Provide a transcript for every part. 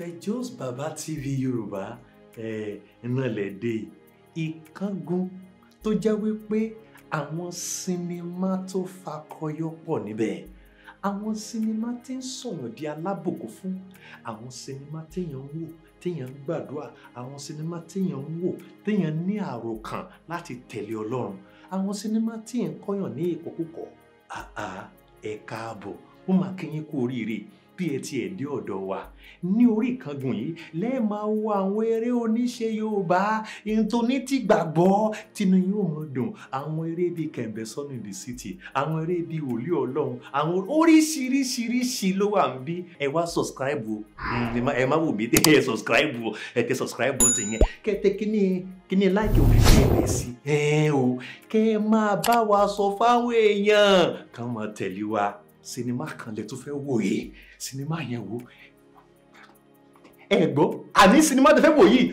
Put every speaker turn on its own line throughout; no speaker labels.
Fejosbaba Baba TV Yorùbá ìrànlẹ́dẹ́ ìkángun tó jẹ́ wípé àwọn sinimá tó fakọyọ pọ̀ níbẹ̀ àwọn sinimá tí ń sọ̀yàn di alábòkú fún àwọn sinimá téèyàn ń wò téèyàn ń gbàdúrà àwọn sinimá téèyàn ń wò téèyàn ní àròkàn láti tẹ̀lé Ọlọ́run àwọn sinimá téèyàn kọ́yàn ní ìkọ̀kùkọ̀ àà ẹ káàbọ̀ ó máa kí yín kú oríire bí ẹ ti ẹ̀ dé ọ̀dọ̀ wa ní orí ìkángun yìí lẹ́ẹ̀ máa wo àwọn eré oníṣe Yorùbá ìtònítìgbàgbọ́ tinú yóò mọ̀ dùn àwọn eré bíi kẹ̀mbẹ́ sọ́nù in the àwọn eré bíi wòlíì ọlọ́run àwọn oríṣiríṣiríṣi ló wà ń bí ẹ wá subscribe o hmm, ẹ má wò mí ẹ subscribe o ẹ tẹ subscribe button yẹn kẹtẹ kíní kíní láìkí òfin ṣe é sí ẹ o kẹ máa bá wa sọ fáwọn èèyàn kàn máa tẹ̀lé wa sinimá kan lè tún fẹ́ wòye sinimá yẹn wò ẹ gbọ́ àní sinimá tẹ fẹ́ wò yìí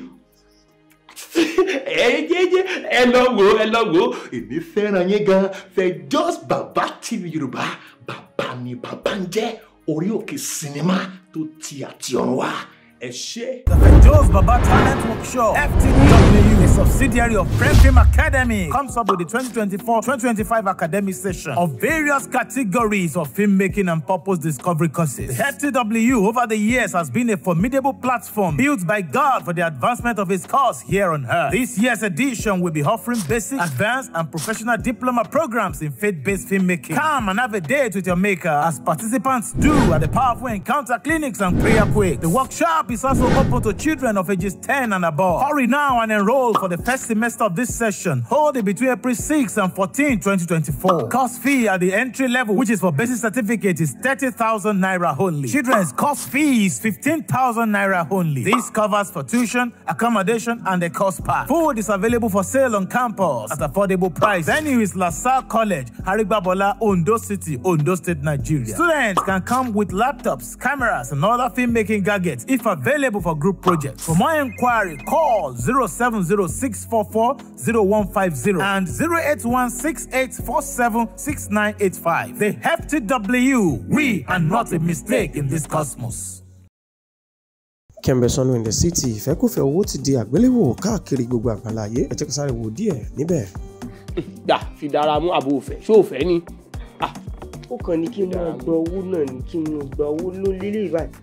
ẹ
jẹ́jẹ́ ẹ lọ wò ẹ
lọ wò èmi fẹ́ràn yín gan Fejos Bàbá TV Yorùbá bàbá ni bàbá ń jẹ́ orí òkè sinimá tó ti àti
ọ̀run wá ẹ ṣé. The Fejos Bàbá talent workshop FTW. subsidiary of Prem Academy, comes up with the 2024-2025 academic session of various categories of filmmaking and purpose discovery courses. The FTW over the years has been a formidable platform built by God for the advancement of his cause here on earth. This year's edition will be offering basic, advanced, and professional diploma programs in faith-based filmmaking. Come and have a date with your maker as participants do at the Powerful Encounter Clinics and Prayer quakes. The workshop is also open to children of ages 10 and above. Hurry now and enroll for for the first semester of this session, holding between April 6 and 14, 2024. Cost fee at the entry level, which is for basic certificate, is 30,000 naira only. Children's cost fee is 15,000 naira only. This covers for tuition, accommodation, and the course pack. Food is available for sale on campus at affordable price. Venue is LaSalle College, Haribabola, Ondo City, Ondo State, Nigeria. Students can come with laptops, cameras, and other filmmaking gadgets if available for group projects. For more inquiry, call 0707 6440150 and 08168476985. The Hefty W. We are not a mistake in this cosmos.
Kẹ́mbẹ́ Sọnù in the city ìfẹ́kùfẹ́ owó ti di àgbéléwò káàkiri gbogbo àgbáláyé ẹ jẹ́ ká sáré wo díẹ̀ níbẹ̀. Gbà fi dára mú àbò òfẹ́ ṣó òfẹ́ ni. Ah, ó kàn ní kí n máa gba owó náà ní kí n máa gba owó lólélẹ́yìí báyìí.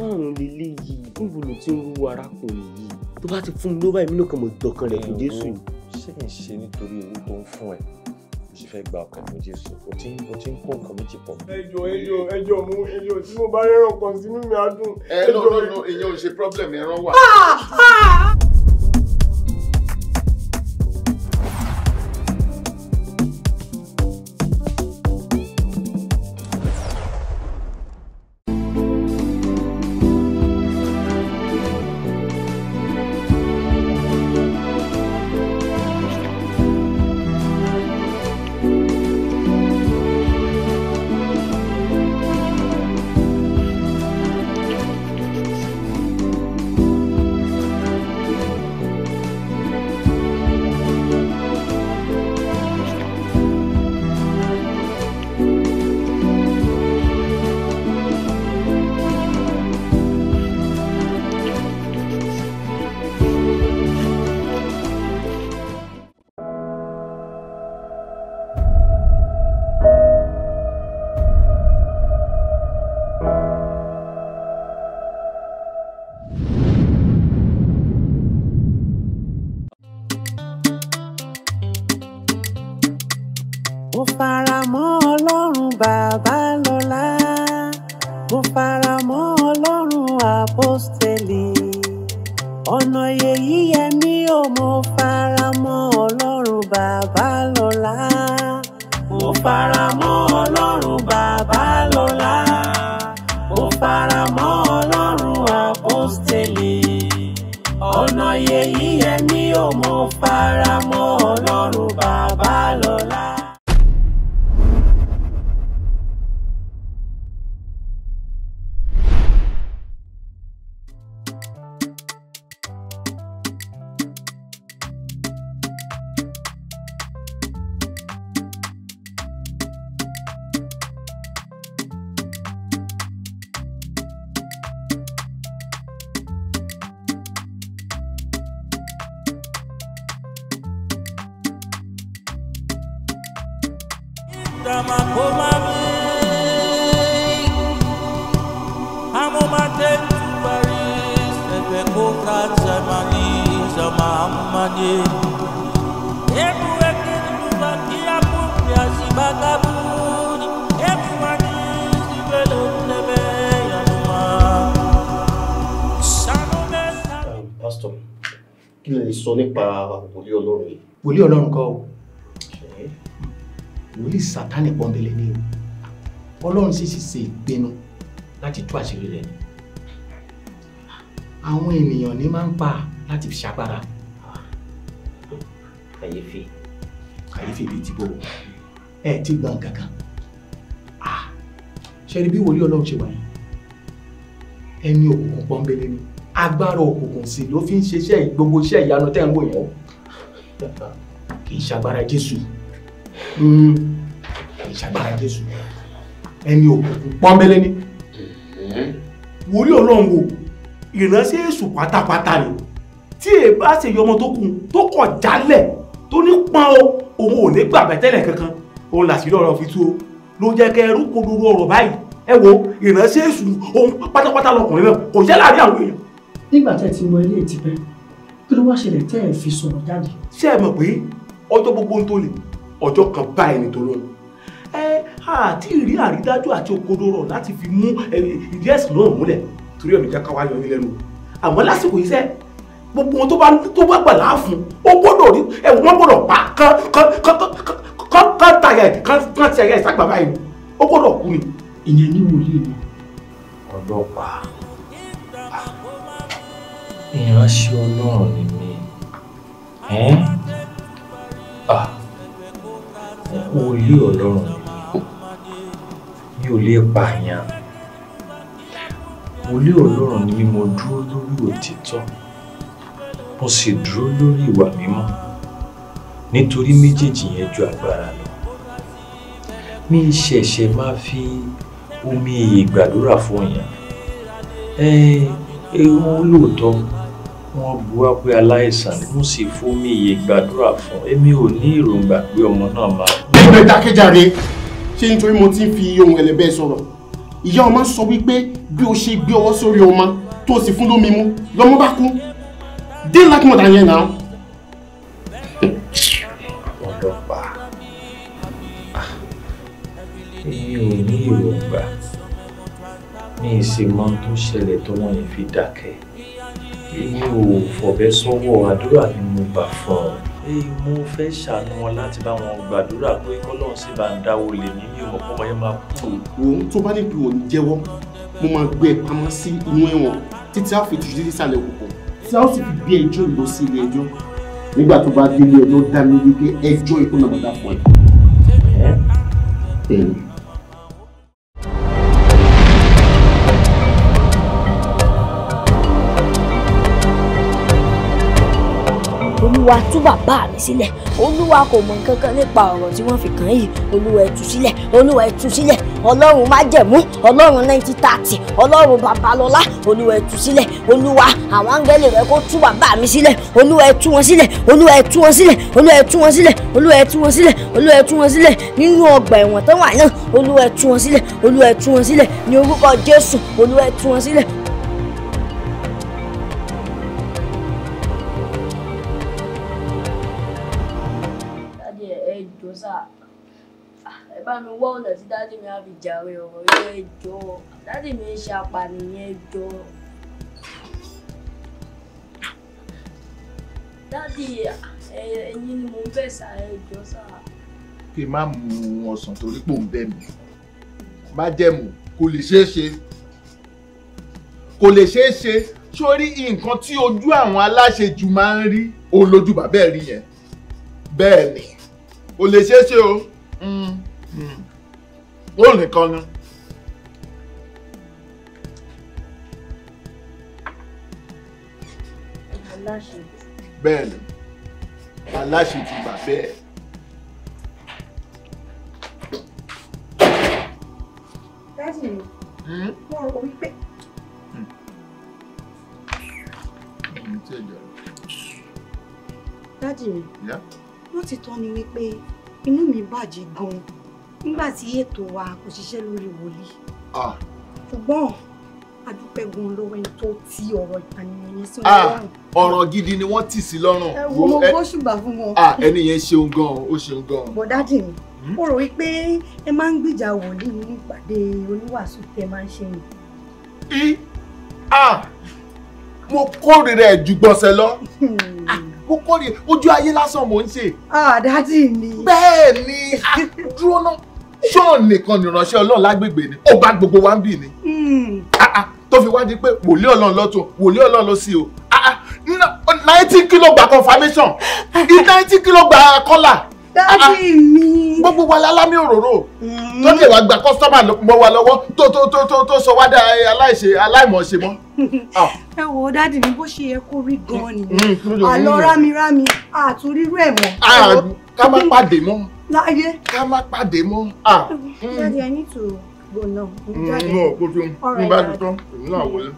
márùn-ún lélẹ́ yìí níbo ló ti ń rú arákùnrin yìí tó bá ti fún mi ló bá èmi nìkan mọ̀ dọ̀kan rẹ̀ fún Jésù yìí.
ṣé kìí ṣe nítorí owó tó ń fún ẹ o sì fẹ́ gba ọkàn fún Jésù o ti o ti ń kó nǹkan méjì pọ̀. ẹjọ́ ẹjọ́
ẹjọ́ mú ẹjọ́ tí mo bá rẹ́rọ̀ kan sí mímí adùn. ẹ lọ́ọ́ lọ́ọ́
ìyẹn ò ṣe problem ẹran wà.
Ah, ah!
ọlọ́run sì sì se
ìpinnu láti tú àṣírí rẹ̀ ni àwọn ènìyàn ní máa ń pa láti fi ṣàgbára. kàyéfì. kàyéfì bíi ti bò ó ẹ ti gbọ́n kankan ṣe rí bí wòlíì ọlọ́run ṣe wà yìí ẹni òkùnkùn pọ́nbélé ni agbára òkùnkùn sì ló fi ń ṣiṣẹ́ gbogbo iṣẹ́ ìyanu tẹ́ ń wò yẹn o kì í ṣàgbára jésù hmm, kì í ṣàgbára jésù ẹni òkùnkùn pọ́nbélé ni wòlíì ọlọ́run wò ìránṣẹ́ èṣù pátápátá ni tí èyí bá ṣe yọmọ tó kù tó kọ̀ jálẹ̀ tó ní pọ́n o òun ò ní gbà bẹ́tẹ̀lẹ̀ kankan òun làṣírí ọ̀rọ̀ fi tú o ló jẹ́ kẹ́ ẹrú kodoro ọ̀rọ̀ báyìí ẹ wo ìránṣẹ́ èṣù ohun pátápátá lọkùnrin náà kò jẹ́ láàrin àwọn èèyàn.
nígbà tẹ́ ti mọ ilé
ìtìpẹ́ kí ló wá ṣẹlẹ̀ tẹ́ ẹ fi sọ̀rọ̀ jáde. ṣé ẹ mọ̀ pé ọjọ́ gbogbo ń tó lè ọjọ́ kan bá ẹni tó lóhun àti ìrí àrídájú àti òkodoro láti fi mú ìdí ẹ̀sìn náà múlẹ̀ torí ọ̀nà ìjẹ́ká wá yọ ní lẹ́nu àmọ́ lásìkò iṣẹ́ gbogbo ohun tó bá tó bá gbà láàfún ó gbọ́dọ̀ rí ẹ̀wọ̀n wọn gbọ́dọ̀ pa kán kán kán kán kán tàyà kán kán tàyà ìsàgbà báyìí ó gbọ́dọ̀ kú ni. ìyẹn ní wòlíì ni
ọlọ́pàá ìránṣẹ́ ọlọ́run ni mí wòlíì ọlọ́run mi ò lè pààyàn wòlíì ọlọ́run ni mo dúró lórí òtítọ́ mo sì dúró lórí ìwà mímọ́ nítorí méjèèjì yẹn ju agbára lọ mi ṣẹ̀ṣẹ̀ máa fi omi ìyè gbàdúrà fún yàn ẹ ẹ wọn lóòótọ́ wọ́n buwá pé aláìsàn ni mo sì fomi ìyè gbàdúrà fún èmi ò ní èròǹgbà pé ọmọ náà máa.
nígbà dákẹ́járe ṣé nítorí mo ti ń fi ohun ẹlẹ́bẹ̀ sọ̀rọ̀ ìyá ọmọ sọ wípé bí o ṣe gbé ọwọ́ sórí ọmọ tó o sì fún lómi mu lọ́mọ bá kú dé lákùmọ̀dà yẹn náà.
ọlọ́pàá èyí ò ní èròǹgbà
ní ìsinmi tó ṣẹlẹ̀ tó wọ́n yẹn fi dákẹ́ èyí ò fọ̀bẹ́ sọ́wọ́ àdúrà ni mo bà fún ọ mo fẹ́ ṣàánú wọn láti bá wọn gbàdúrà pé kọ́lọ́run sì bá ń dáwó lè mí mi ò mọ̀ pé wọ́n máa kú.
òun tó bá níbi òun jẹ́wọ́ mo máa gbé ẹ pamọ́ sí inú ẹ̀wọ̀n títí a fi tìjú títí sàlẹ̀ òkùnkùn tí a ó sì fi gbé ẹjọ́ lọ sí ilé ẹjọ́ nígbà tó bá délé ẹ ló dá mi wípé ẹjọ́ ìkùnà
bàdà fún ẹ.
olúwa tú bàbá mi sílẹ̀ olúwa kò mọ nǹkan kan nípa ọ̀rọ̀ tí wọ́n fi kàn yìí olúwa ẹ tú sílẹ̀ olúwa ẹ tú sílẹ̀ ọlọ́run májẹ̀mú ọlọ́run nineteen thirty ọlọ́run babalọ́lá olúwa ẹ tú sílẹ̀ olúwa àwọn áńgẹ́lì rẹ kó tú bàbá mi sílẹ̀ olúwa ẹ tú wọn sílẹ̀ olúwa ẹ tú wọn sílẹ̀ olúwa ẹ tú wọn sílẹ̀ olúwa ẹ tú wọn sílẹ̀ olúwa ẹ tú wọn sílẹ̀ nínú ọgbà ẹ̀wọ̀n tó wà náà olúwa ẹ wọn sílẹ̀ olúwa ẹ wọn sílẹ̀ ní orúkọ jésù olúwa ẹ wọn sílẹ̀ bá mi wá ọ̀nà tí dáàdì mi á fi jàre ọ̀rọ̀ yẹn ẹ dáàdì mi ń ṣe apànìyàn ẹ dáàdì ẹ̀yin ni mo ń bẹ̀ sá ẹ
kí n má mu ọsàn torí pò ń bẹ̀ mí má jẹ̀mú kò lè ṣeé ṣe kò lè ṣeé ṣe sórí nǹkan tí ojú àwọn aláṣejù máa ń rí òun lójú bàbá ẹ̀ rí yẹn bẹ́ẹ̀ ni kò lè ṣeé ṣe o. Mm ó nìkan ni. bẹ́ẹ̀ ni
aláṣẹ ti gbà
bẹ́ẹ̀.
dájú mi wọ́n rò wípé. dájú mi wọ́n ti tọ́ ni wípé inú mi bàjẹ́ gan-an nígbà tí ètò wa kò ṣiṣẹ́ lórí wòlíì. ṣùgbọ́n adúpẹ́ gan lọ́wọ́ ẹni tó ti ọ̀rọ̀ ìpànìyàn yẹn sí wọn lọ́rùn.
ọ̀rọ̀ gidi ni wọ́n tì sí lọ́rùn. ẹ wo mo gbọ́
ṣùgbà fún wọn.
ẹni yẹn ṣeun gan ó ṣeun gan.
bọ̀dádì mi hmm? mo rò wípé ẹ máa ń gbìjà wòlíì ní ìpàdé oníwàásù tẹ máa ń ṣe
yìí. i a mo kórìíra ẹ ju gbọ̀nsẹ̀ lọ mo kórìíra ojú ayé lásán mò ń ṣe.
àdájì ah, ni.
bẹ́ẹ̀ ni dúró náà ṣọ́ọ̀n nìkan nìránṣẹ́ ọlọ́run lágbègbè ni ó bá gbogbo wa ń bì ni hmm. ah, ah, tó fi wá di pé wòlíì ọlọ́run lọ́tún wòlíì ọlọ́run ló sí o ah, nineteen kilo gba confirmation nineteen kilo gba kọ́là dáàbì mi. gbogbo wa lálámì òróró tó lè wá gba kọ́sítọ́mà mọ́ wa lọ́wọ́ tó tó tó tó tó sọ wá dá eh, aláìṣe aláìmọ̀ọ́ṣe mọ́.
ẹ wo dáàdì mi bó ṣe yẹ kó rí gan-an hmm, hmm, nìyẹn àlọ́ rámirámi àtúrírú ẹ̀ mọ́.
ká má pàdé mọ́ láyé. ká má pàdé mọ́. Ah, ah,
hmm. Daddy, I need to go now. Hmm, mo ò kojú mi bá ti tán
èmi náà wọlé.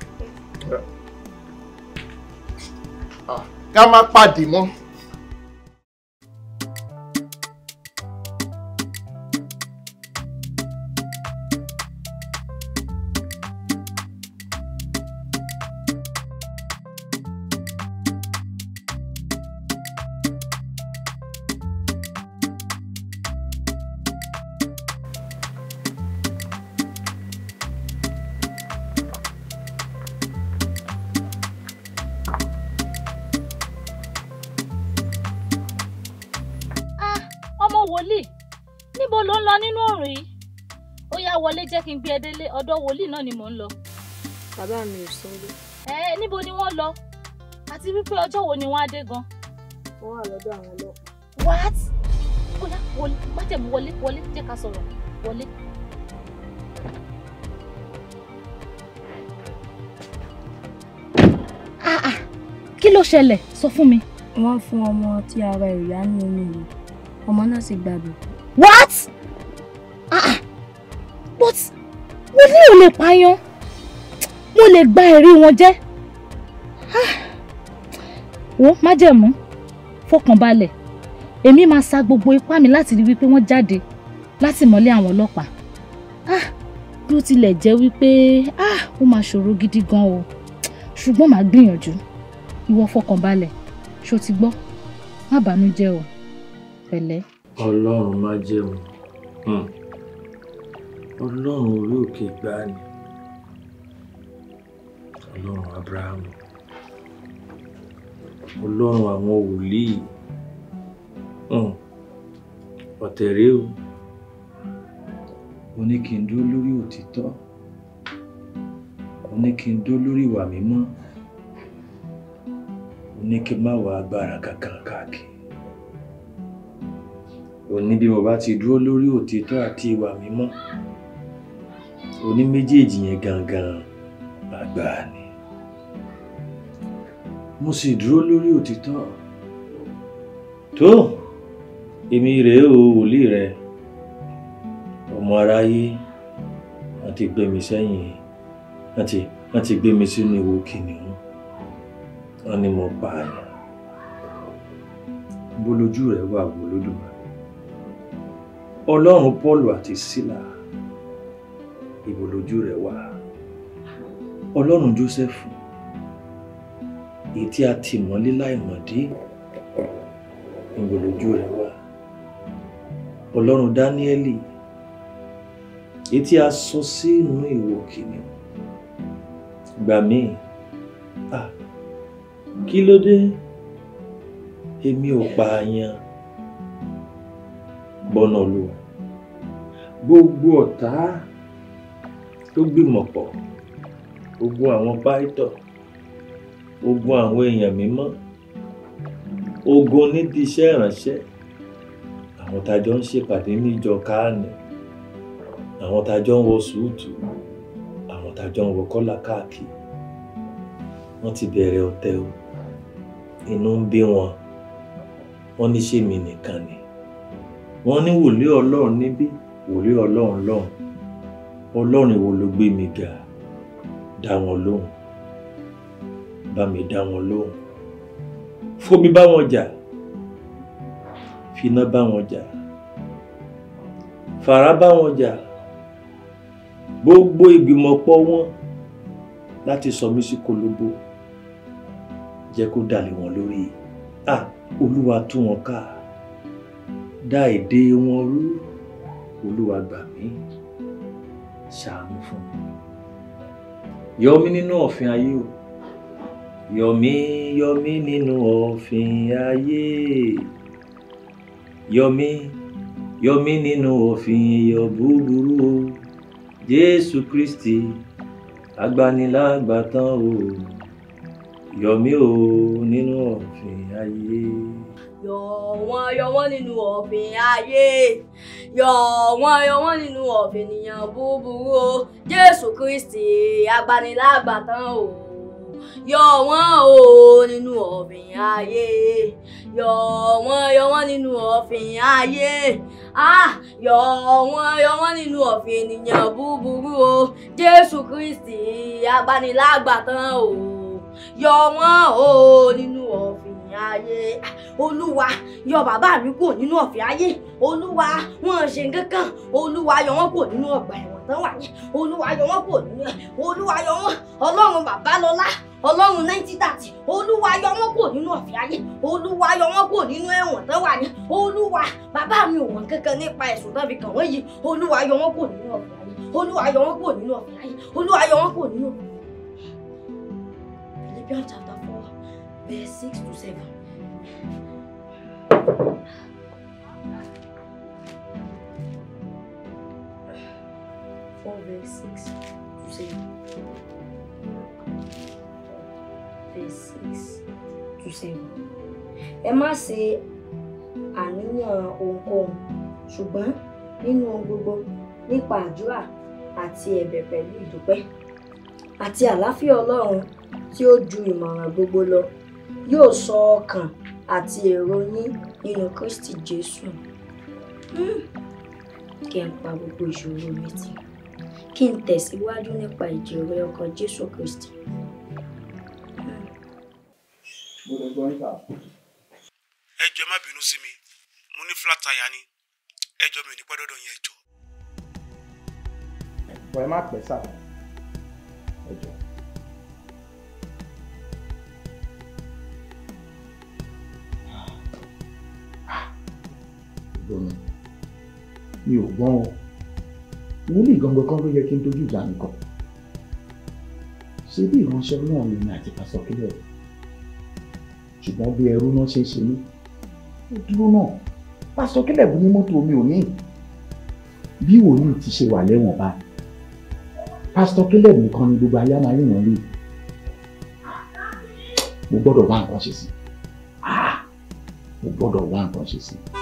Ah, ká má pàdé mọ́.
jẹ́ kí n gbé ẹ délé ọ̀dọ̀ wòlíì náà ni mò ń lọ.
bàbá mi ò sanwó.
ẹ ẹ níbo ni wọ́n lọ àti wípé ọjọ́ wo ni wọ́n á dé gan. wọ́n wà lọ́dọ̀ àwọn ọlọ́pàá. what kódà wọlé májèmú wọlé wọlé jẹ́ ká sọ̀rọ̀ wọlé. Ah, ah. kí ló ṣẹlẹ̀ sọ fún mi. wọ́n fún ọmọ tí ara ìyá ní omi yìí ọmọ náà sì gbàgbé. what. lè pààyàn mo lè gba ẹ̀rí wọn jẹ́ wo májẹ̀mú fọkànbalẹ̀ èmi máa sa gbogbo ipá mi láti rí wípé wọ́n jáde láti mọ́lé àwọn ọlọ́pàá ah, bí ó tilẹ̀ jẹ́ wípé ah, ó máa ṣòro gidi gan o ṣùgbọ́n màá gbìyànjú ìwọ fọkànbalẹ̀ ṣó ti gbọ́ má bànújẹ́ o pẹ̀lẹ́.
ọlọ́run má jẹun. Hmm ọlọ́run orí òkè gbá ni ọlọ́run abrahamu ọlọ́run àwọn wòlíì ọ̀tẹ̀rẹ́ o mo ní kí n dúró lórí òtítọ́ mo ní kí n dúró lórí ìwà mímọ́ mo ní kí n má wá agbára kankan káàkiri òní bí mo bá ti dúró lórí òtítọ́ àti ìwà mímọ́ oní méjèèjì yẹn gangan bàgbà ni mo sì dúró lórí òtítọ́ tó èmi rèé o wòlíì rẹ ọmọ aráyé wọ́n ti gbé mi sẹ́yìn wọ́n ti wọ́n ti gbé mi sínú ìwo kìnìún wọ́n ní mo pààyàn bó lójú rẹ̀ wà wò lódùmarè ọlọ́run Pọ́ọ̀lù àti Sílà ibo lójú rẹ̀ wà ọlọ́run Jósẹ́fù èyí tí a tì mọ́lé láìmọ̀dí ibo lójú rẹ̀ wà ọlọ́run Dáníẹ́lì èyí a sọ sínú ìwò kìnìún gbà mí ah kí ló dé èmi ò pààyàn gbọ́nà lò gbogbo ọ̀tá tó gbìmọ̀ pọ̀ ogun àwọn pàìtọ̀ ogun àwọn èèyàn mímọ́ ogun nídìí iṣẹ́ ìránṣẹ́ àwọn tájọ́ ń ṣèpàdé níjọ káàní àwọn tájọ́ ń wọ sùútù àwọn tájọ́ ń wọ kọ́là káàkiri wọ́n ti bẹ̀rẹ̀ ọ̀tẹ̀ o inú ń bí wọn wọ́n ní ṣèmi nìkan ni wọ́n ní wòlíì ọlọ́run níbí wòlíì ọlọ́run lọ́hùn ọlọ́run wo ló gbé mi ga dá wọn lóhùn bá mi dá wọn lóhùn fomi bá wọn jà finá bá wọn jà fàrà bá wọn jà gbogbo ìgbìmọ̀pọ̀ wọn láti sọ mí sí kolobo jẹ́ kó dàlẹ̀ wọn lórí à olúwa tú wọn ká dá èdè wọn rú olúwa gbà mí ṣàánú fún mi yọ mí nínú ọ̀fìn ayé o yọ mí yọ mí nínú ọ̀fìn ayé yọ mí yọ mí nínú ọ̀fìn ìyọ̀ búburú o Jésù Kristi agbanilágbàtàn o yọ mí o nínú ọ̀fìn ayé
yọ wọ́n yọ wọ́n nínú ọ̀fìn ayé
yọ wọ́n yọ wọ́n
nínú ọ̀fìn ènìyàn búburú o Jésù Kristi agbanilágbàtàn o
yọ wọ́n o
nínú ọ̀fìn ayé yọ wọ́n yọ wọ́n nínú ọ̀fìn ayé ah yọ wọ́n yọ wọ́n nínú ọ̀fìn ènìyàn búburú o Jésù Kristi agbanilágbàtàn o yọ wọ́n o nínú ọ̀fìn ọ̀fìn ayé olúwa yọ bàbá mi kò nínú ọ̀fìn ayé olúwa wọn ṣe nǹkan kan olúwa yọ wọn kò nínú ọgbà ẹ̀wọ̀n tán wà yẹn olúwa yọ wọn kò nínú olúwa yọ wọn ọlọ́run bàbá lọ́lá ọlọ́run náìtì tàtì olúwa yọ wọn kò nínú ọ̀fìn ayé olúwa yọ wọn kò nínú ẹ̀wọ̀n tán wà yẹn olúwa bàbá mi ò wọ̀n kankan nípa ẹ̀sùn tán fi kàn wọ́n yìí olúwa yọ wọn kò nínú ọ̀fìn ayé olúwa yọ wọn kò nínú ọ̀fìn ayé olúwa yọ wọn kò nínú ọ̀fìn ayé bẹ́ẹ̀ six to seven. four verse six to seven. verse six to seven. ẹ má ṣe àníyàn ohunkóhun ṣùgbọ́n nínú ohun gbogbo nípa àdúrà àti ẹ̀bẹ̀ pẹ̀lú ìdúpẹ́ àti àlàáfíà ọlọ́run tí ó ju ìmọ̀ràn gbogbo lọ yóò sọ ọkàn àti èrò yín nínú Kristi Jésù hmm. kí n pa gbogbo ìṣòro mi tì kí n tẹ̀síwájú nípa ìjèrè ọkọ̀ Jésù Kristi.
ẹ jọ̀ọ́ má bínú sí mi mo ní flat tire ni ẹ jọ̀ọ́ mi ò ní pẹ́ dọ́dọ̀ yẹn ẹ jọ̀ọ́.
ẹ má pẹ́ sáà. ọ̀nà mi ò gbọ́n o wúlì gangan kan ló yẹ kí n dojú ìjà mi kọ
ṣé bí ìránṣẹ́ náà mi ni àti pàṣọkílẹ̀ rẹ̀ ṣùgbọ́n bí ẹrú náà ṣe ń ṣe mí ó dúró náà pàṣọkílẹ̀ bú ní mọ́tò mi ò ní
bí wòlíì ti ṣe wà lẹ́wọ̀n bá pásítọ̀ Caleb nìkan ni gbogbo ayé máa yìnbọn lé mo gbọ́dọ̀ wá nǹkan ṣe sí mo gbọ́dọ̀ wá nǹkan ṣe sí i. Ah!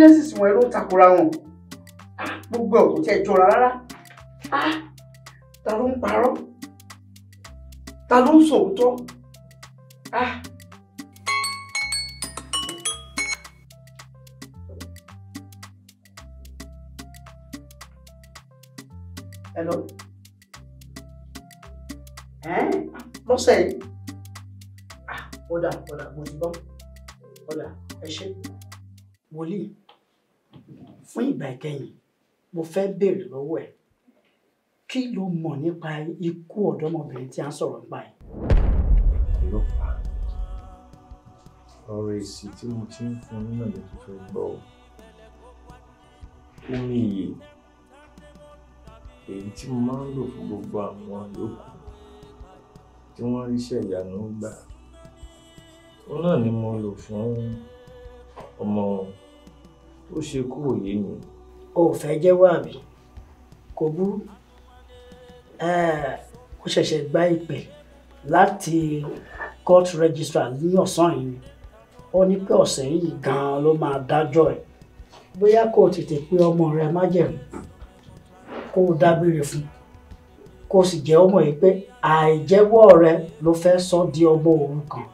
evidences
wọn ló ń takora wọn ah, gbogbo ẹ̀ kò tiẹ̀ jọra rárá ah,
ta ló ń parọ́ ta ló ń sòótọ́ ah.
Hello? Ẹ́n lọ́sẹ̀ yìí. Ó dà, ó dà, mo ti gbọ́. Ó dà, ẹ ṣé. Wòlíì fún ìgbà ìkẹyìn mo fẹ́ béèrè lọ́wọ́ ẹ̀ kí ló mọ̀ nípa ikú ọ̀dọ́mọbìnrin tí a ń sọ̀rọ̀ nípa ẹ̀.
ló pa ọ̀rọ̀ èsì tí mo ti ń fún nínú ìlú tó fẹ́ gbọ́ ó ní iye èyí tí mo máa ń lò fún gbogbo àwọn yòókù tí wọ́n ríṣẹ́ ìyanu gbà òun náà ni mo lò fún ọmọ wọn tó ṣe kú òye mi. o ò fẹ́ jẹ́wọ́ àbí kò burú
ó ṣẹ̀ṣẹ̀ gba ìpè láti court registrar ní ọ̀sán yìí ó ní pé ọ̀sẹ̀ yìí gan-an ló máa dájọ́ ẹ̀ bóyá kò tètè pé ọmọ rẹ májẹ̀mú kó o dágbére fún kó o sì jẹ́ ọmọ yìí pé àìjẹ́wọ́ rẹ ló fẹ́ sọ di ọmọ òrukàn.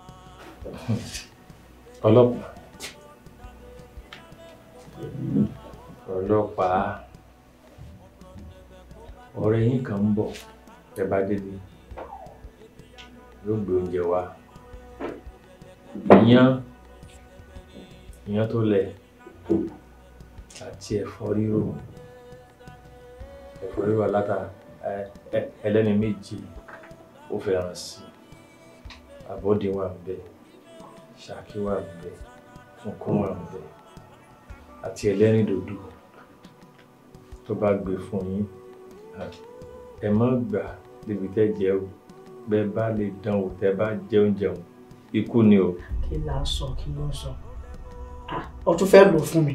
ọlọ́pàá ọlọ́pàá ọ̀rẹ́ yín kan ń bọ̀ tẹ́ bá débi yóò gbé oúnjẹ wá iyán iyán tó lẹ̀ àti ẹ̀fọ́ rírò ẹ̀fọ́ rírò aláta ẹlẹ́ni méjì ó fẹ́ràn sí àbọ̀dé wà ń bẹ̀ ṣákí wà ń bẹ̀ wà ń àti ẹlẹ́rìn tó bá gbé fún yín ẹ má gbà débi tẹ́ jẹ́ o bẹ́ẹ̀ bá lè dán o tẹ́ bá jẹun jẹun ikú ni o.
kí la sọ kí ló ń sọ
ọ tún fẹ́ lò fún mi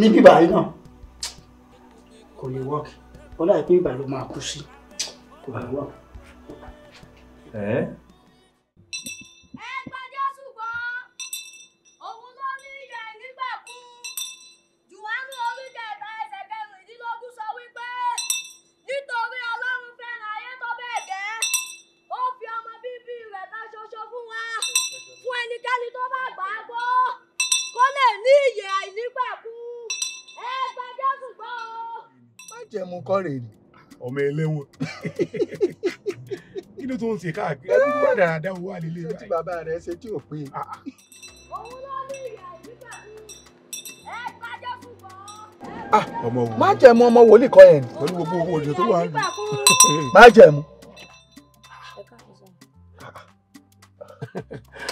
ní bíbá yìí náà kò lè wọ́ọ̀kì ó pé ìgbà ló máa kú sí kò lè wọ́ọ̀kì.
rè ni. ọmọ ẹlẹ́wọ̀n kí ló tó ń ṣe káàkiri ẹni tó wà dáadáa wà lílé tí bàbá rẹ ṣe tí ò pé. Ah, ah. Ah, ọmọ wò. má jẹ̀mú ọmọ wòlíì kọ́ yẹn. pẹ̀lú gbogbo owó òjò tó wà ń lò. má jẹ̀mú.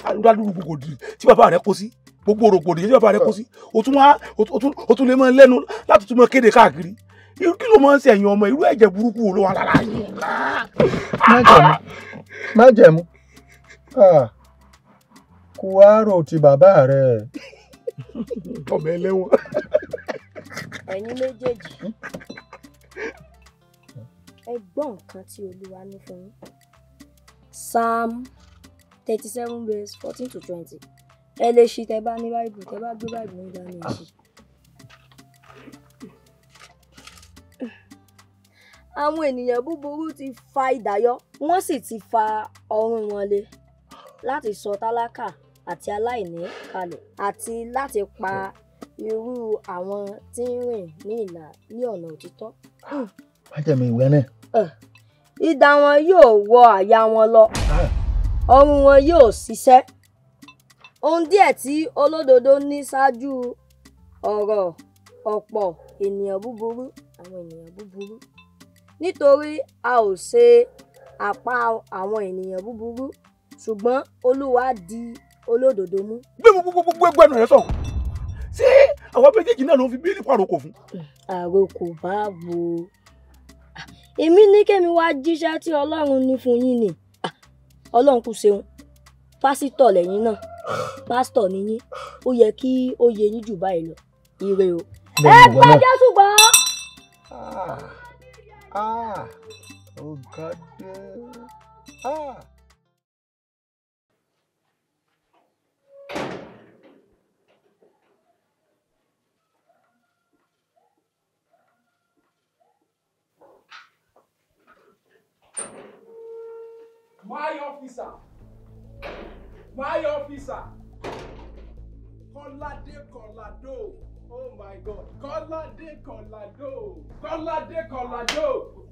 alúdàlúrú gbogbo di tí bàbá rẹ kó sí gbogbo rògbòdìyẹ tí bàbá rẹ kó sí o tún lè mọ lẹ́nu láti tún mọ kéde káàkiri irú kí ló máa ń ṣe ẹ̀yin ọmọ irú ẹ̀jẹ̀ burúkú wo ló
wà lára yín.
májẹ̀mú májẹ̀mú ah. kò wá rò ti bàbá rẹ. ọmọ ẹlẹ́wọ̀n.
ẹ̀yin méjèèjì ẹ gbọ́ nǹkan tí olúwa ní fún yín psalm thirty seven verse fourteen to twenty ẹ lè ṣí tẹ bá ní báìbù tẹ bá gbé báìbù ń dání àwọn ènìyàn búburú ti fa idà yọ wọ́n sì ti fa ọrùn wọn le láti sọ tálákà àti aláìní kalẹ̀ àti láti pa irú àwọn tí ń rìn ní ìlà ní ọ̀nà òtítọ́. Hmm.
májèmí ìwé náà.
idà wọn yóò wọ àyà wọn lọ ah. ọrùn wọn yóò ṣiṣẹ́ ohun díẹ̀ tí olódodo ní ṣáájú ọ̀rọ̀ ọ̀pọ̀ ènìyàn búburú àwọn ènìyàn búburú nítorí a ò ṣe apá àwọn ènìyàn búburú ṣùgbọ́n olúwa di olódodo mú. gbé gbogbo ẹnu rẹ sọ ṣé àwọn
méjèèjì náà ló fi bílí pàrokò fún. Hmm,
àròkò báwo ah, èmi ní kémi wá jíṣẹ́ tí ọlọ́run ní fún yín ni ah, ọlọ́run kù ṣeun pásítọ̀ lẹ́yìn náà pásítọ̀ ni yín ó yẹ kí ó yẹ yín jù báyìí lọ ire o. ẹ gbọ́ jésù gbọ́. Ah. Ah,
ọ̀gá oh, dé. Ah. My officer, my officer,
Kọ́ládé collado. Oh my God. Kọ́ládé Kọ́ládó.
Kọ́ládé Kọ́ládó.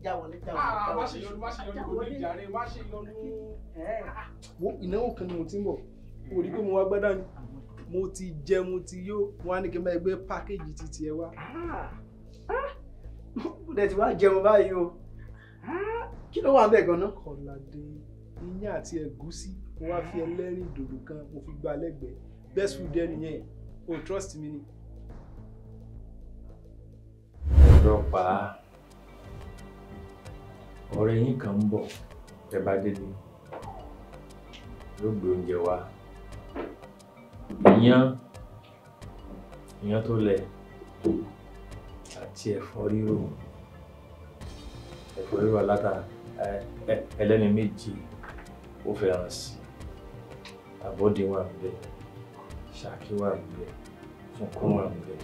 Já wọlé Ah má ṣe yọnu má
ṣe yọnu kò ní ìjàre má ṣe yọnu.
Wo ìnáwó kan ni mo ti ń bọ̀. Mo rí pé mo wá gbádá ni. Mo ti jẹ mo ti yó. Wọ́n á ní kí n bá gbé pákéjì ti tiẹ̀ wá. Mo dẹ̀ ti wá jẹun báyìí o. Kí ló wà ń bẹ̀ gan-an? Kọ́ládé iyán àti ẹ̀gúsí mo wá fi ẹlẹ́rìn dòdò kan mo fi gba lẹ́gbẹ̀ẹ́ best food ẹni yẹn o trust me ni
irọ́ pa á ọ̀rẹ́ yín kan ń bọ̀ tẹ́ bá délé yóò gbé oúnjẹ wá iyán iyán tó lẹ̀ àti ẹ̀fọ́ rírò ẹ̀fọ́ rírò aláta ẹlẹ́ni méjì ó fẹ́ràn sí àbọ̀dé wà níbẹ̀ ṣáàkì wà níbẹ̀ fúnkún wà níbẹ̀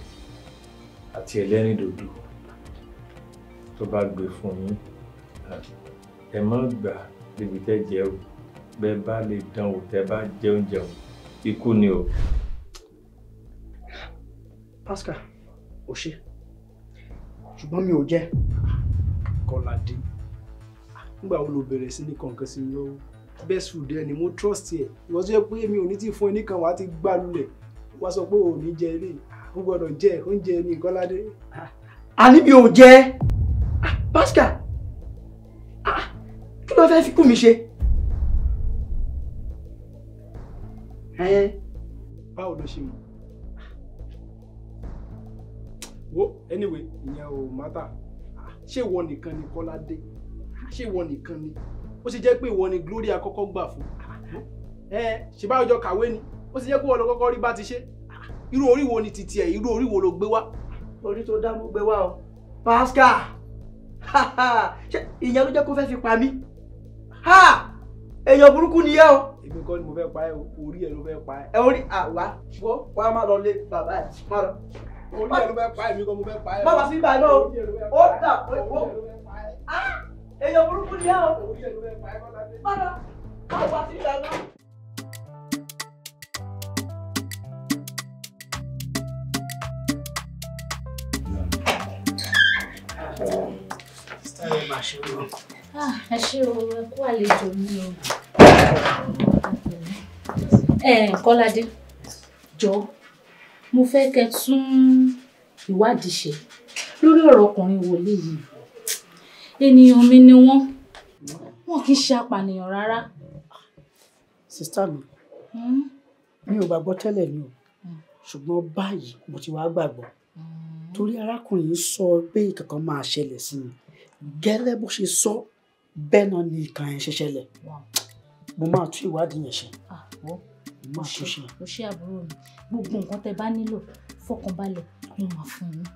àti ẹlẹ́ni dòdò tó bá gbé fún yín ẹ má gbà débi tẹ́ jẹ o bẹ́ bá lè dán o tẹ́ bá jẹ oúnjẹ o ikú ni o. Pascal
ò ṣe ṣùgbọ́n mi ò jẹ́.
Kọ́ládé nígbà wo lo bẹ̀rẹ̀ sí ní kọ̀ǹkan sí lọ́wọ́ best food ẹ ni mo trust ẹ ìwọ tó yẹ pé mi ò ní tí fún ẹ nìkan wàá ti gbá lulẹ̀ wá sọ pé ò ní jẹ ilé ó gbọ́dọ̀ jẹ oúnjẹ mi Kọ́ládé.
àní mi ò jẹ́. Pascal ah kí ló fẹ́ fi kú mi ṣe.
báwo ló ṣe mọ̀ wo anyway ìyẹn ò mátà ṣé ìwọ nìkan ni Kọ́ládé ṣé ìwọ nìkan ni ó sì jẹ́ pé ìwọ ni glory àkọ́kọ́ gbà fún ṣe báwo jọ kàwé ni ó sì jẹ́ pé ìwọ ló kọ́kọ́ rí bá ti ṣe irú orí wo ni titi ẹ̀ irú orí wo ló gbé wá. orí tó dá mú gbé wá o
Pascal
ìyẹn
ló jẹ́ kó fẹ́ fi pa mí èèyàn burúkú ni yẹ́ o.
èmi kọ́ ni mo fẹ́ pa ẹ orí ẹ ló fẹ́ pa ẹ.
ẹ orí àwa wọ́ wá má lọ lé bàbá ẹ má lọ. orí ẹ ló fẹ́ pa èmi kọ́ mo fẹ́ pa ẹ. má wá sí ibà náà ó dà ó èèyàn burúkú ni yẹ́ o. má lọ má wá sí ibà náà.
Oh máa ṣe wúrọ̀. Ah, ẹ ṣé o ẹ kú àlejò o. Kọ́ládé jọ mo fẹ́ kẹ́ tún ìwádìí ṣe lórí ọ̀rọ̀ ọkùnrin wòlíì yìí ènìyàn mi ni wọ́n wọn kì í ṣe apànìyàn rárá. sista mi hmm?
mi ò gbàgbọ́ tẹ́lẹ̀ ni o hmm. ṣùgbọ́n báyìí mo ti wá gbàgbọ́ hmm. torí arákùnrin sọ pé ìkankan máa ṣẹlẹ̀ sí mi gẹ́lẹ́ bó ṣe sọ bẹ́ẹ̀ náà ni ìtàn yẹn ṣe ṣẹlẹ̀ mo máa tún ìwádìí yẹn ṣe
mo máa tún ṣe. o ṣe àbúrò mi gbogbo nǹkan tẹ bá nílò fọkànbalẹ̀ mo máa fún yín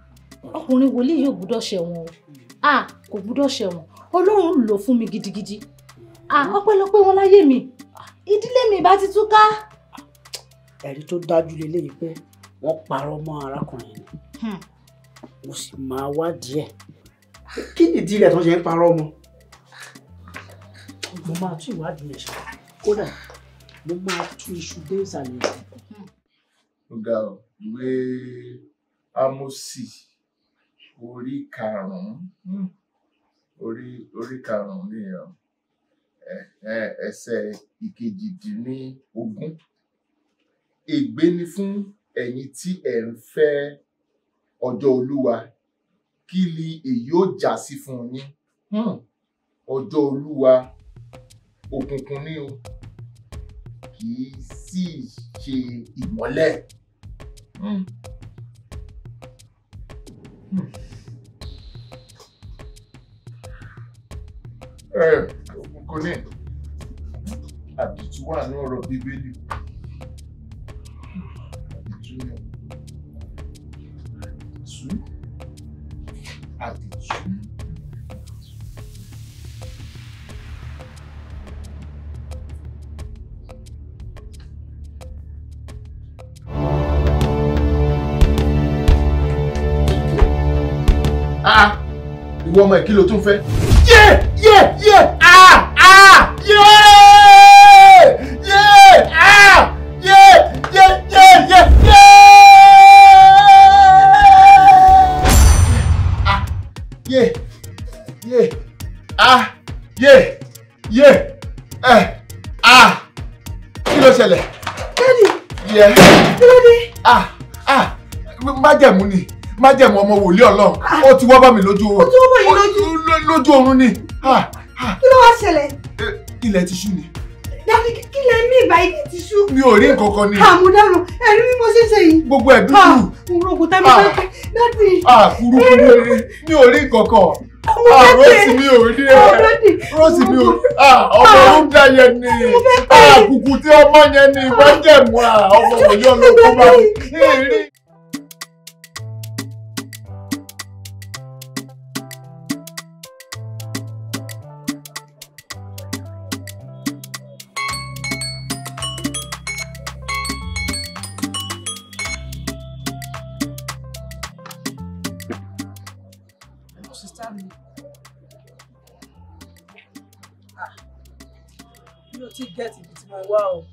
ọkùnrin wòlíì yóò gbúdọ̀ ṣẹ̀wọ̀n o a kò gbúdọ̀ ṣẹ̀wọ̀n ọlọ́run lò fún mi gidigidi a ọpẹ́lọpẹ́ wọn láyé mi ìdílé mi bá ti túká.
ẹ̀rí tó dájú lélẹ́yìí pé wọ́n parọ́ mọ́ arákùnrin ni hmm. mo sì máa wádìí ẹ̀ kí nìdí ilẹ̀ tó ṣe ń parọ́ ọmọ. mo máa tún ìwádìí ẹ̀ ṣe kódà mo máa tún iṣu dé ìsàlẹ̀ ìsìnkú.
ó ga ọ ìwé amosi orí karùnún hmm. orí orí karùnún nìyẹn ẹsẹ̀ ìkejìdínlógún ègbé ni fún ẹ̀yin tí ẹ ń fẹ́ ọjọ́ olúwa kí ni èyí ó já sí fún yín hmm. ọjọ́ olúwa òkùnkùn ni o kì í sì ṣe ìmọ́lẹ̀.
Hmm. Hmm.
Eh, òkùnkùn ní àdìtú wà ní ọ̀rọ̀ bíbélì àdìtú ni
àdìtú.
Ah! ìwọ ọmọ ẹ kí ló tún fẹ́. Yeah. májẹ̀mú ọmọ wòlíì ọlọ́run ó ti wọ́ bá mi lójú oorun lójú oorun ni. kí ló wá ṣẹlẹ̀. ilẹ̀ ti ṣú ni. dàbí kí lẹ mí ìgbà ibi ti ṣú. mi ò rí nǹkan kan ni. àmú dànù ẹ̀rí bí mo ṣe ṣe yìí. gbogbo ẹ̀ dúdú. mo
rògùn tẹ́mi pẹ́pẹ́
dàbí. kúrú kúrú rí mi ò rí nǹkan kan. Rósì mi ò rí ẹ. Rósì mi ò rí ẹ. Ọmọ Rúdà yẹn ni. Àkùkù tí ọmọ yẹn ni. Májẹ̀mú ọmọ òyìnbó ló bá mi.
wá o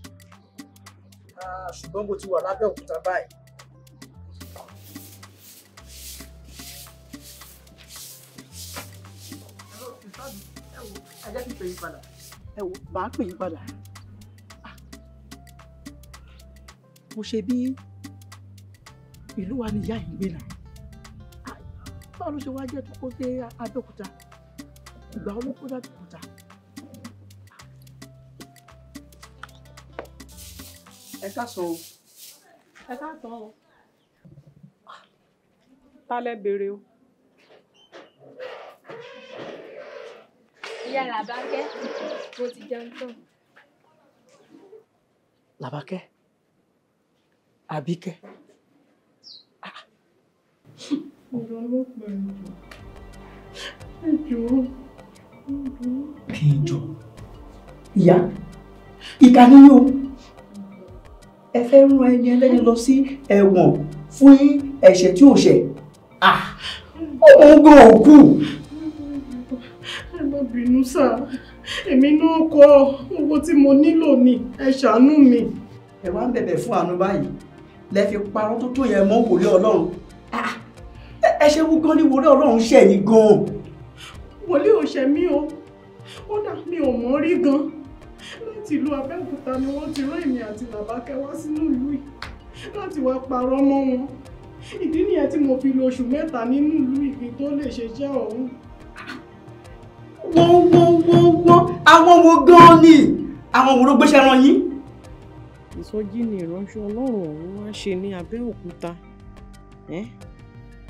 ah, ṣùgbọ́n mo ti wà lábẹ́ òkúta báyìí.
ẹ wo màá pè yín padà ah. mo ṣe bí ìlú wa níyà yìí gbé náà ah, báwo ló ṣe wá jẹ́ tó kó dé abẹ́òkúta ìgbà wo ló kó ẹ káàsán o.
ẹ káàsán o.
ta lẹ béèrè o.
ìyá làbákẹ́ mo ti jẹun tán.
làbákẹ́ àbíkẹ́.
ọ̀rọ̀ ló pẹ̀ jù ẹ jọ̀ọ́
kí n jọ ìyá ìkànnì yóò ẹ fẹ́ rán ẹni ẹlẹ́ni lọ sí ẹ̀wọ̀n fún ẹ̀ṣẹ̀ tí ò ṣẹ̀ ah, òun gan ò kù.
ẹ má bínú sá èmi náà kọ owó tí mo nílò ni ẹ ṣàánú mi.
ẹ wá ń bẹ̀bẹ̀ fún àánú báyìí lẹ fi parọ́ tó tó yẹ mọ́ wòlé ọlọ́run ah, ẹ ṣe wú gan ni wòlé ọlọ́run ṣẹ̀ yín gan.
wòlé ò ṣẹ̀ mí o ó dà mí ò mọ̀ rí gan tìlú Abẹ́òkúta ni wọ́n ti rán èmi
àti Làbákẹ́ wá sínú ìlú yìí láti wá parọ́ mọ́ wọn ìdí nìyẹn tí mo fi lo oṣù mẹ́ta nínú ìlú ìgbín tó lè ṣe jẹ́ ọ̀hún.
wọ́n wọ́n wọ́n wọ́n àwọn wo gan-an ni àwọn wo ló gbéṣẹ́ ran yín.
ìsọjí ni ìránṣẹ́ ọlọ́run ọ̀hún wá ṣe ní Abẹ́òkúta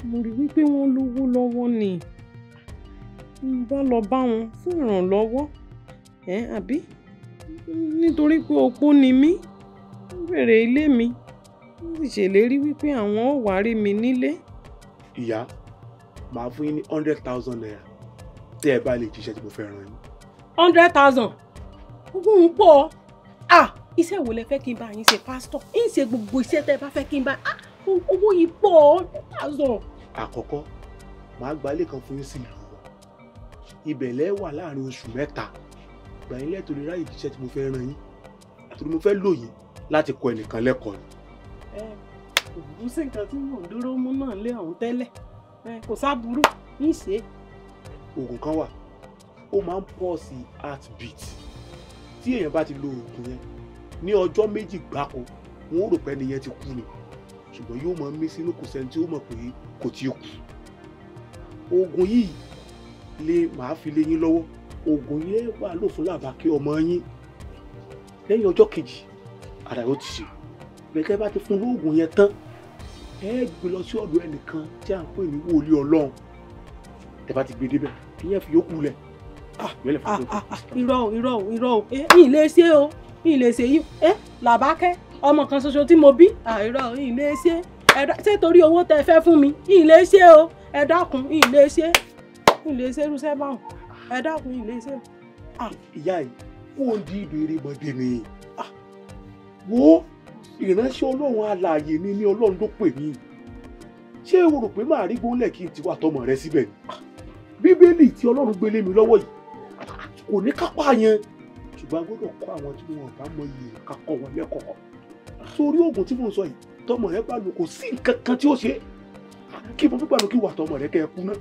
mo rí wípé wọ́n lówó lọ́wọ́ ni n bá lọ bá wọn fún ìrànlọ́wọ́ àbí. Eh, nítorí pé opó ni mí bèrè ilé mi ó sì ṣèlérí wípé àwọn ò wá rí mi nílé.
ìyá màá fún yín ní hundred thousand naira tí ẹ bá lè jíṣẹ́ tí mo
fẹ́ ràn yín.
hundred thousand ogún ń pọ̀ ah iṣẹ́ wo lẹ
fẹ́ kí n bá yín ṣe pásítọ̀ ń ṣe gbogbo iṣẹ́ tẹ́ ẹ bá fẹ́ kí n bá owó yìí pọ̀ hundred
thousand. àkọ́kọ́ màá gbalé kan fún yín sí ìlú wa ibẹ̀ lẹ́ẹ̀ wà láàrin oṣù mẹ́ta gbà yín lẹ́tọ̀ọ́ lè ráyè jíṣẹ́ tí mo fẹ́ ràn yín àtúrò mo fẹ́ lò yín láti kọ ẹnìkan lẹ́kọ̀ọ́ ni.
ẹ kò burú sí nǹkan tí mò ń dúró mú náà lé
ọ̀hún tẹ́lẹ̀ kò sábúrú ní ìṣe.
oògùn kan wà ó máa ń pọ̀ sí heartbeat tí èèyàn bá ti lo oògùn yẹn ní ọjọ́ méjì gbáko wọn ò rò pé ẹni yẹn ti kú ni ṣùgbọ́n yóò máa mí sínú kò sẹ́ni tí ó mọ̀ pé kò tí ì kú oògùn yìí lè máa fi lé yín lọ́wọ́ oògùn yẹn wà lò fún làbákẹ́ ọmọ yín lẹ́yìn ọjọ́ kejì ara yóò ti ṣe bẹ́tẹ́ bá ti fún lóògùn yẹn tán ẹ gbé lọ sí ọ̀dọ̀ ẹnìkan tí à ń pè ní wòlíì ọlọ́run tẹ bá ti gbé débẹ̀ ìyẹn fi yókù lẹ̀ ah, ah, ah, irọ́ o irọ́ o irọ́ o yìí eh, lè ṣe o yìí lè ṣe yìí ẹ eh,
làbákẹ́ ọmọ kan ṣoṣo tí mo bí irọ́ o yìí lè ṣe ṣé torí owó tẹ fẹ́ fún mi yìí lè ṣe o ẹ dákun yìí lè ṣe yìí lè ṣe irúṣẹ́ báwọn ẹ dákun
ilé iṣẹ́ ah, ìyá yìí kó o di ìbéèrè mọ̀dé ni ah. wo ìránṣẹ́ ọlọ́run alààyè ni ní ọlọ́run ló pè mí ṣé o rò pé màá rí gbóńlẹ̀ kí n ti wà tọmọ rẹ síbẹ̀ ah. bíbélì tí ọlọ́run gbélé mi lọ́wọ́ yìí kò ní kápá yẹn ṣùgbọ́n a gbọ́dọ̀ kọ́ àwọn tí wọn bá mọ iye ká wọn lẹ́kọ̀ọ́ sórí oògùn tí mò ń sọ yìí tọmọ rẹ bá kò sí nǹkan kan tí ó ṣe kí mo fi gbàdúrà kí wà tọmọ rẹ kẹ ẹ kú náà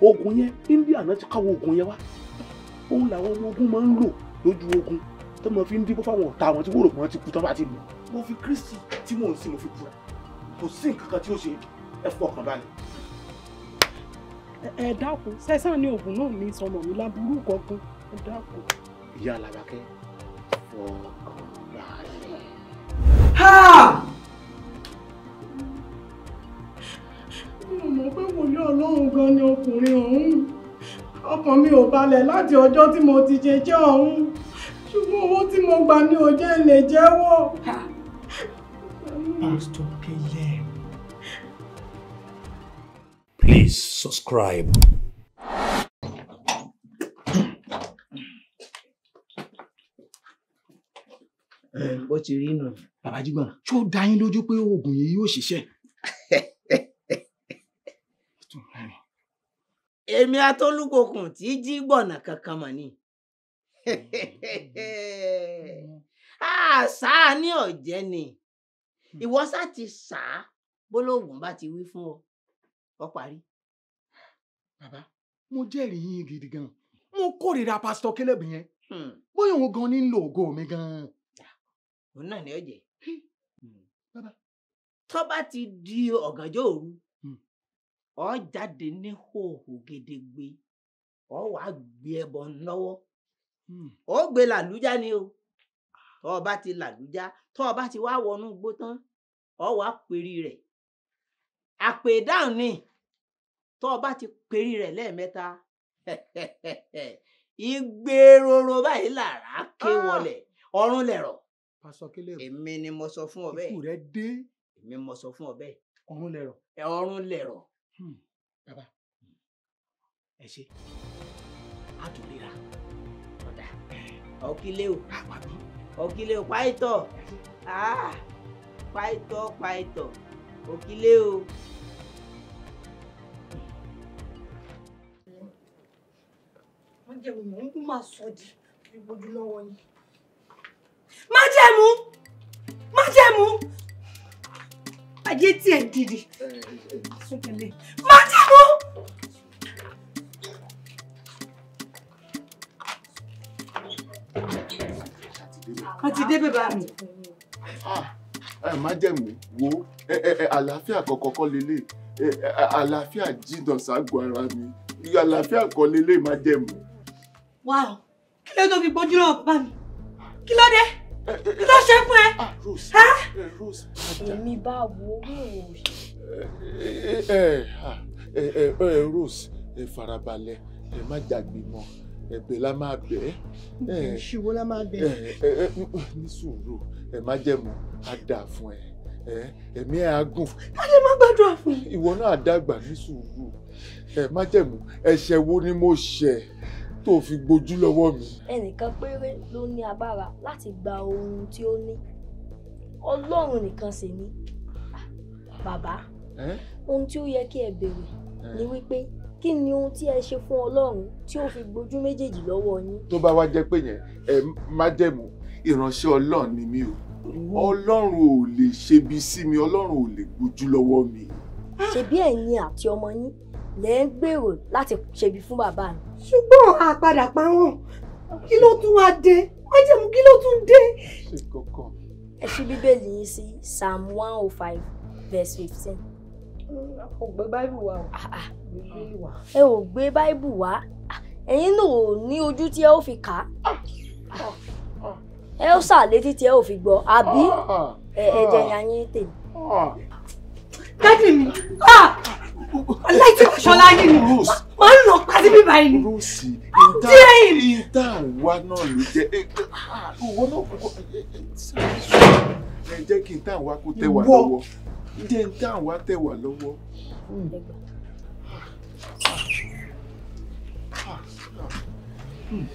oògùn yẹn India náà ti káwọ oògùn yẹn wá òun làwọn ọmọ ogun máa ń lò lójú ogun tó máa fi ń dínkù fáwọn ọ̀tá wọn tí wọ́n rò pé wọ́n ti kú tán bá ti lò. mo fi Kristi tí mò ń sìn mo fi búra kò sí nǹkan kan tí ó ṣe ẹ fọkàn
balẹ̀. ẹ dákun sẹ́sán ni oògùn náà ní sọmọ mi láburú kankan ẹ
dákun. ìyá alábàákẹ́ fọkàn balẹ̀.
ọlọ́run gan ni ọkùnrin ọ̀hún ọkàn mi ò balẹ̀ láti ọjọ́ tí mo ti jẹjẹ́ ọ̀hún ṣùgbọ́n owó tí mo gbà ni ò lè jẹ́wọ́.
Pastor Kele.
Please subscribe.
bó ti rí nù. bàbá jígbọ́n ṣó dá yín lójú pé oògùn yìí yóò ṣiṣẹ́. èmi atolúkokùn tí jí gbọ̀nà kankan mọ̀ ni sáà ní ọ̀jẹ́ ni hmm. ìwọ ti sáà bólóògùn bá ti wí fún ọ ọ parí. bàbá
mo jẹ́rìí yín gidi gan mo kórìíra pásítọ̀ Caleb yẹn hmm. bóyá òun gan ni ń ògo mi gan.
òun náà ni ọ̀jẹ̀. Hmm. bàbá tó bá ti di ọ̀gànjọ́ òru ọ jáde ní hòhò gedegbe ọ wàá gbé ẹbọ lọ́wọ́ hmm. ó gbé làlújá ni o tọ ọba ti làlújá tọ ọba ti wá wọnú igbó tán ọ wàá pèrí rẹ̀ àpèdáhùn ni tọ ọba ti pèrí rẹ̀ lẹ́ẹ̀mẹ́ta igbe roro báyìí làrá ké ah! wọlẹ̀ ọrùn lẹ̀rọ̀ èmi ni mo sọ fún ọ bẹ́ẹ̀ èmi mo sọ fún ọ bẹ́ẹ̀ ọrùn lẹ̀rọ̀
Hmm, bàbá hmm.
ẹ ṣe àtúnlera ọ̀dà ọ̀kílẹ̀ o ọ̀kílẹ̀ o pàìtọ̀ ah, pàìtọ̀ pàìtọ̀ ọ̀kílẹ̀ o.
wọ́n jẹ́
mò ń máa sọ di ìbojú lọ́wọ́ yìí. má jẹ́ má jẹ́ ayé tí ẹ̀ ń dìde sókèlè
máa dì mú. wọ́n ti dé bèbá mi.
Ah, ẹ má jẹ̀mí wo àlàáfíà kọ̀ọ̀kan kọ́ lélẹ̀ àlàáfíà jìnnà ságọ́ ara mi àlàáfíà kọ́ lélẹ̀ má jẹ̀mí.
wáá kí ló tó fi gbójú náà bá mi kí ló dé kí ló ṣe fún ẹ.
Ah, Rose eh, Rose ajá. èmi bá wo owó mi.
ẹ Rose ẹ farabalẹ̀ ẹ má jàgbé mọ́ ẹ̀bẹ̀ la máa bẹ̀ ẹ́. Eh, ìṣòwò la máa bẹ̀ ẹ́. Eh, ní sùúrù ẹ má jẹ̀mú á dà fún ẹ ẹ̀mí ẹ̀ á gùn. a lè má gbàdúrà fún. ìwọ náà dàgbà ní sùúrù ẹ má jẹ̀mú ẹ̀ṣẹ̀ wo ni mo ṣẹ̀ tó fi gbojú lọ́wọ́ mi.
ẹnìkan péré ló ní agbára láti gba ohun tí ó ní ọlọ́run nìkan sì ni ah, bàbá ohun tí ó yẹ kí ẹ béèrè ni wípé kí ni ohun tí ẹ ṣe fún ọlọ́run tí ó fi gbojú méjèèjì lọ́wọ́ yín.
tó bá wá jẹ́ pé yẹn ẹ májẹ̀mú ìránṣẹ́ ọlọ́run ni mí o ọlọ́run ò lè ṣebi sí mi ọlọ́run ò lè gbojú lọ́wọ́ mi.
ṣebí ẹ̀yin àti ọmọ yín lè ń gbèrò láti ṣebi fún bàbá mi. ṣùgbọ́n àpadà pa wọn kí ló tún wá dé wọ́n jẹ́ mu kí ló tún dé. ẹ ṣí bíbélì yín sí psalm one oh five verse fifteen. ò gbé báìbù wá o. Ah, ah. ẹ ò gbé báìbù wá ẹ̀yin náà ò ní ojú tí ẹ ó fi kà á ah, ẹ ó ṣàlétí tí ẹ ò fi gbọ́ àbí ẹ̀jẹ̀ yẹn á yín tèmi. dádì mi
aláìsí kọ̀ṣọ́lá yìí ni máa ń lọ pàdé mi báyìí ni. rose ìta wa náà ló jẹ owó náà kò ẹ jẹ́ kí n tá àwa kó tẹ̀ wá lọ́wọ́ jẹ́ n tá àwa tẹ̀ wá
hmm.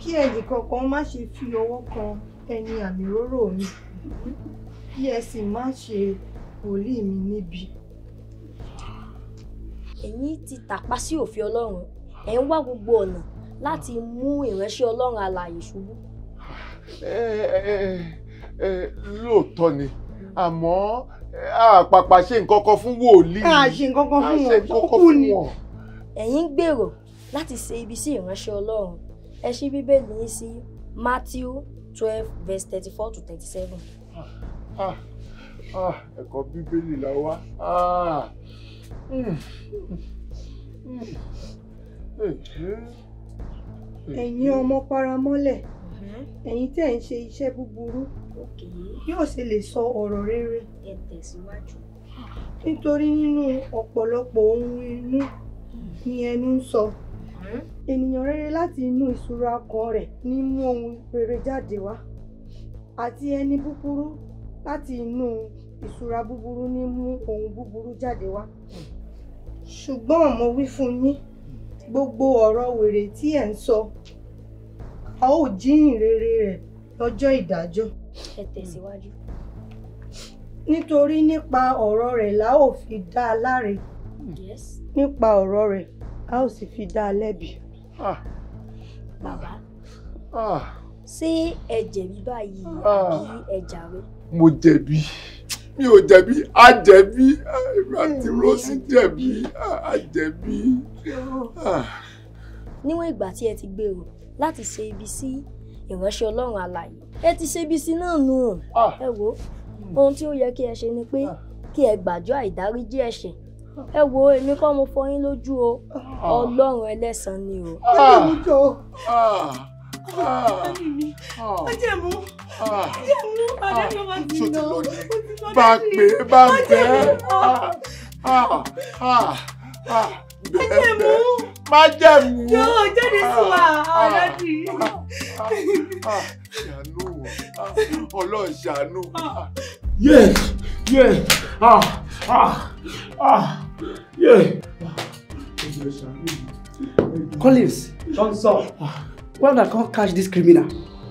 kí ẹnì kankan má ṣe fi ọwọ́ kan ẹni àmì róró mi kí ẹ sì má ṣe wòlíì mi níbi.
ẹ̀yin ti tàpá sí òfin ọlọ́run ẹ̀ ń wá gbogbo ọ̀nà láti mú ìránṣẹ́ ọlọ́run alààyè ṣubú.
lóòótọ́ ni àmọ́ àpàpà ṣe nǹkan kan fún wòlíì. a ṣe
nǹkan kan fún wọn tó kù ni. ẹ̀yin ń gbèrò láti ṣe ibi sí ìránṣẹ́ ọlọ́run ẹ ṣí bíbélì yín sí Matthew twelve verse thirty-four to thirty-seven. Ah, ah,
ah, ẹ̀kọ́ bíbélì la wá. Hmm, hmm, hmm, eh, eh,
eh. ẹ̀yin
ọmọ paramọ́lẹ̀ mhm. ẹ̀yin tẹ́ ẹ̀ ń ṣe iṣẹ́ búburú yóò ṣe lè sọ ọ̀rọ̀ rere.
ẹ tẹ̀síwájú.
nítorí nínú ọ̀pọ̀lọpọ̀ ohun inú ni ẹnu ń sọ. So ènìyàn rere láti inú ìṣúra ọkàn rẹ̀ ní mú ohun rere jáde wá àti ẹni búburú láti inú ìṣúra búburú ní mú ohun búburú jáde wá ṣùgbọ́n mo wí fún yín gbogbo ọ̀rọ̀ wèrè tí ẹ̀ ń sọ a ó jíyìn rere rẹ̀ lọ́jọ́ ìdájọ́. ẹ tẹ̀síwájú. nítorí nípa ọ̀rọ̀ rẹ̀ la ó fi dá a láre. Yes. nípa ọ̀rọ̀ rẹ̀ a ó sì fi dá a lẹ́bi. Ah. bàbá
ah. ṣé ẹ jẹ̀bi báyìí àbí ah. ẹ jàre.
mo jẹ̀bi
mi ò jẹ̀bi a jẹ̀bi èmi àti Rosie
jẹ̀bi a jẹ̀bi.
níwọ̀n ìgbà tí ẹ ti gbèrò láti ṣe ibi sí ìránṣẹ́ ọlọ́run alààyè ẹ ti ṣe ibi sí náà nù ẹ wo hmm. ohun tí ó yẹ kí ẹ ṣe ni pé kí ẹ gbàjọ àìdáríjì ẹ̀ṣẹ̀ ẹ wo èmi kọ́ mo fọ yín lójú o ọlọ́run ẹlẹ́san ni o.
ọjẹ̀mú ọjẹ̀mú ọ̀dẹ́ mi máa ti lọ
bá a pè é bá a pè é. ọjẹ̀mú má jẹ̀mú. yóò jáde sí wa ọ̀dọ́dì. ṣàánú ọlọ́run ṣàánú. yes yes ah ah ah. Collins. Johnson.
Ah, why not come catch this criminal?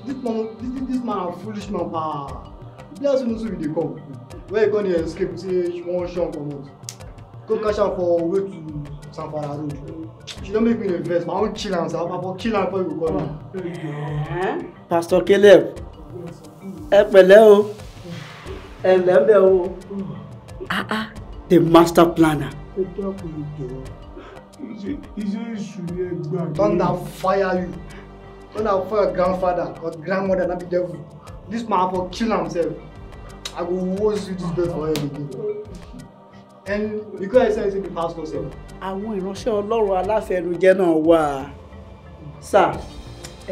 This man, this, this man, foolish man, pa. Bless him with the come. Where you gonna escape? Say she won't show come out. Go catch
her for way to Sanfara Road. She don't make me invest. I won't kill her. So I kill her before you go now. Eh?
Pastor Caleb. Ẹ pẹ̀lẹ́ o.
Ẹ lẹ́mbẹ̀ o. Ah
ah the master planner.
ẹ dákun thunder fire you thunder fire grandfather or grandmother Not be devil this man will kill himself i will wash you this bed for everything. and because i say
say the I pastor sef. àwọn ìránṣẹ́ ọlọ́run aláfẹnujẹ náà wà sá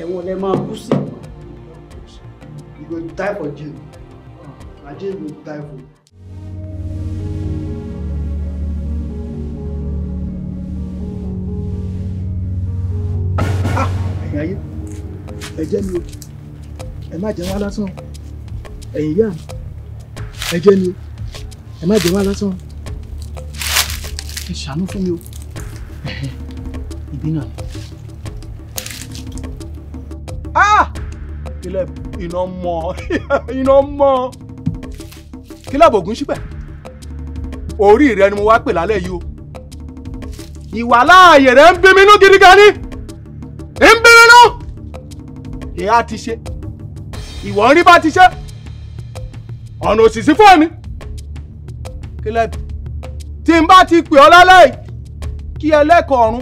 ẹ̀wọ̀n lẹ máa kú sí. you go die for Jim.
na jail go die for you.
ayé ẹ jẹ́ mi o ẹ má jẹ́ wá lásán ẹ̀yin ìyá mi ẹ jẹ́ mi o ẹ má jẹ́ wá lásán
ẹ ṣàánú fún mi o ìbí náà ni.
Ah! kílẹ̀ iná mọ́ iná mọ́ kílẹ̀ àbògùn síbẹ̀ orí rẹ ni mo wá pè lálẹ́ yìí o ìwà láàyè rẹ ń bí mi nú gidi gan ń bèrè náà ìhà ti ṣe ìwọ ń rí bá ti ṣe ọ̀nà òṣìṣì fún mi kílẹ̀bù tí n bá ti pè ọ́ lálẹ́ kí ẹlẹ́kọ̀ọ́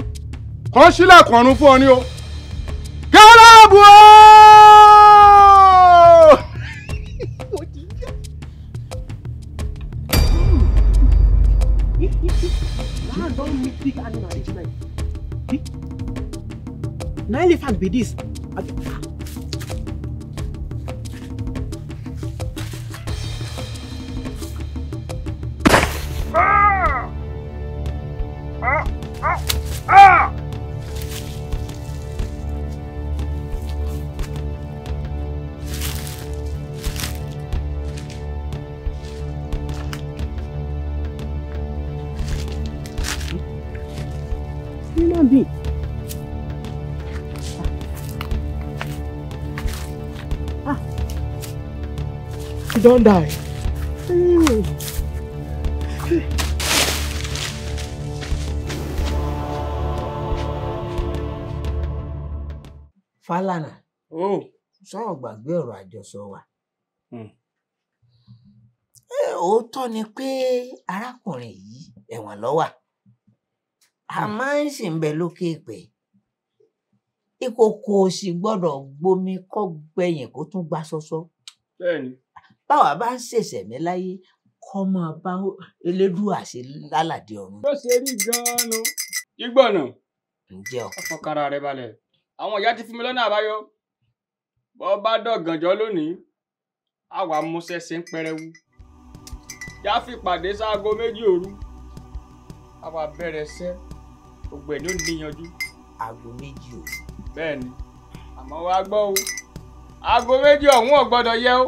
kan sílẹ̀kùn fún ọ ní o
kílẹ̀bù o.
can't be this. He don't die. Fálànà. Oh. Sọ ọ̀gbàgbé ọ̀rọ̀ àjọsọ wa. Hmm. Òótọ́ ni pé arákùnrin yìí ẹ̀wọ̀n ló wà. A hmm. máa ń sì ń bẹ lókè pẹ̀. Ìkòkò òsì gbọ́dọ̀ gbomi kó gbẹ̀yìn kó tún gbá sọ́sọ́. Bẹ́ẹ̀ni. báwa bá ń ṣẹ̀ṣẹ̀ mí láyé kọ́ máa bá elédùà ṣe lálàdé ọ̀run.
yóò ṣe rí gan-an nu. ìgbọ̀nà. ǹjẹ́ o. ọkọ̀kara rẹ balẹ̀ àwọn ìyá ti fún mi lọ́nà àbáyọ bọ́ bá dọ̀gànjọ́ lónìí àwa múṣẹ́ ṣe ń pẹrẹwu já fi pàdé sáago méjì òru àwa bẹ̀rẹ̀ ṣẹ́ gbogbo ẹ̀ ló níyanjú. aago méjì òru. bẹ́ẹ̀ ni àmọ́ wàá gbọ́ o aago méjì ọ̀hún ò gbọ́dọ̀ yẹ o.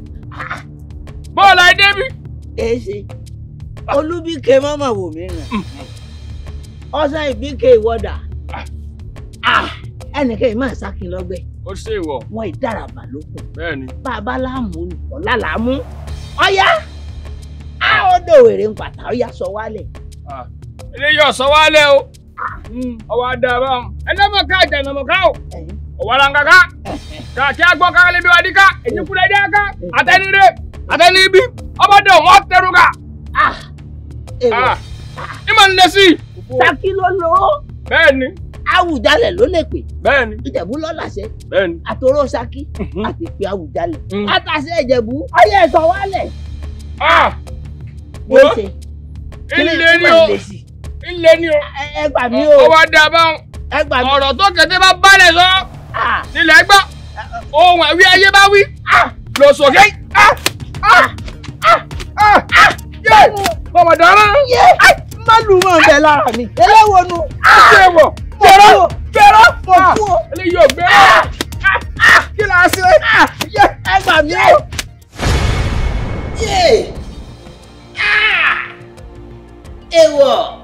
bọ́ọ̀lù ayé débi. èsì
olúbíkẹ mọ́mọ́ wò mí mm. rìn ìbíkẹ ìwọ́dà ah. Ah. ẹnìkan yìí máa
lọ́gbẹ́. ó ṣe ìwọ. wọn ìdáraba ló kù. bẹ́ẹ̀ni.
bàbá láàmú nìkan lálàámú a ó dòwèrè ń pàtà ọyá ah.
sọ wálẹ̀. o. ọwọ́ adaba ẹnẹmọ̀ká àtẹnumọ̀ká o ọ̀wọ́langaka kàkí agbọ́n kakalẹ̀ bí wadika ẹ̀yìnkúlẹ̀ dẹ́ ká àtẹnire àtẹnibi ọbọdẹ wọn tẹruka. ìmọ̀ ń lé sí. takí ló lò ó. bẹ́ẹ̀ni. Awùjalẹ̀ ló lè pè. bẹ́ẹ̀ni. Ìjẹ̀bú
lọ́làṣẹ. bẹ́ẹ̀ni. àtòrò Ṣakí mhm. àti pé Awùjalẹ̀. Mhm. àtàṣe Ìjẹ̀bú ọyẹ
ìsọwálẹ̀. Ah. wọ́n ṣe kí ni ìtumọ̀ ń lé sí ńlẹ ni o. ẹ gbà mí o. ọwọ́ dá a bá wọn. ẹ gbà mí. ọ̀rọ̀ tó kété bá balẹ̀ sọ. nílẹ̀ gbọ́ ohun àwí ayé bá wí. lọ sókè. bọ̀mọ̀dọ̀ rẹ̀. má lù mọ́ ọ̀bẹ lára mi. eléwo nu. ṣé wọ̀ gbẹ̀rọ̀ gbẹ̀rọ̀ mo kú o. eléyìí ò gbẹ̀rọ̀. kí la ṣe. ẹ gbà mí o.
Yeah. Ah! Ewo!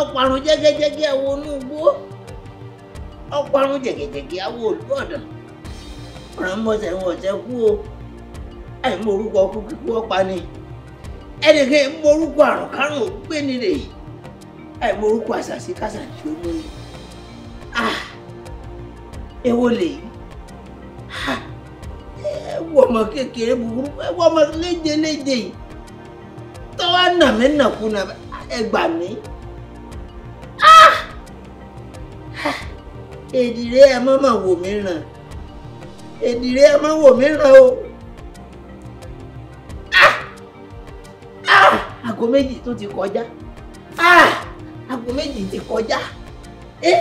ọparun jẹ́gẹ́jẹ́gẹ́ àwọn onúgbó ọ̀parun jẹ́gẹ́jẹ́gẹ́ àwọn olùbọ̀dàn ọ̀rànmọ́sẹ̀ wọn ọ̀sẹ̀ kú o àìmọ orúkọ kú kíkú ọ̀pá ni ẹnìkan mọ orúkọ àrùn kárùn gbé nílé àìmọ orúkọ àṣàṣì kásà ọmọ kékeré búburú ọmọ yìí Ah! èdìrẹ ẹ mọ́ mọ̀ wò mí ràn èdìrẹ ẹ mọ́ wò mí ràn o ah! Ah! aago méjì tó ti kọjá aago méjì ti kọjá eh!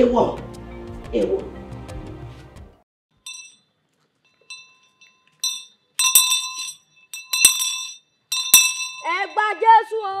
èèwọ̀ èèwọ̀.
ẹ gba Jésù o.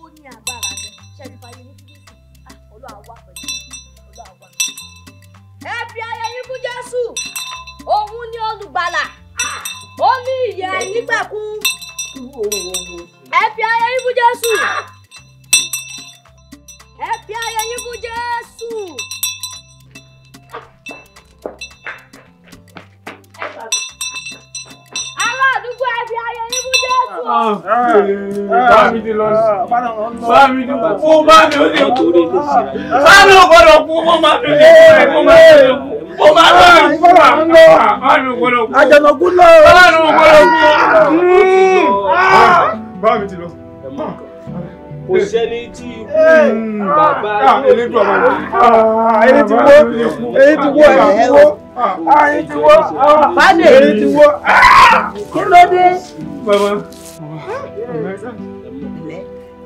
jésù òun ni olùgbàlà ó ní ìyè nígbàkún ẹ fi ayé yín fún jésù ẹ fi ayé yín fún
jésù. ará àdúgbò ẹ fi ayé yín fún jésù.
bámi ti lọ sí bámi ti kú bámi ó ti kú bámi ò gbọdọ̀ kú mo máa fi lè kú ẹ mo máa fi lè kú ó máa lọ ah, ìfọ̀rọ̀ àńgọ́ ah, àjànàkú lọ ọlọ́run ògbọ́lọ́gbọ́. báwo mi ti lọ. kò sẹ́ni tí ikú eh. bàbá ilé tó ọmọ rẹ̀.
ẹni tí wó
ẹni ah, tí wó ẹni tí wó ẹni tí wó báde ẹni tí wó.
kí ló dé. bàbá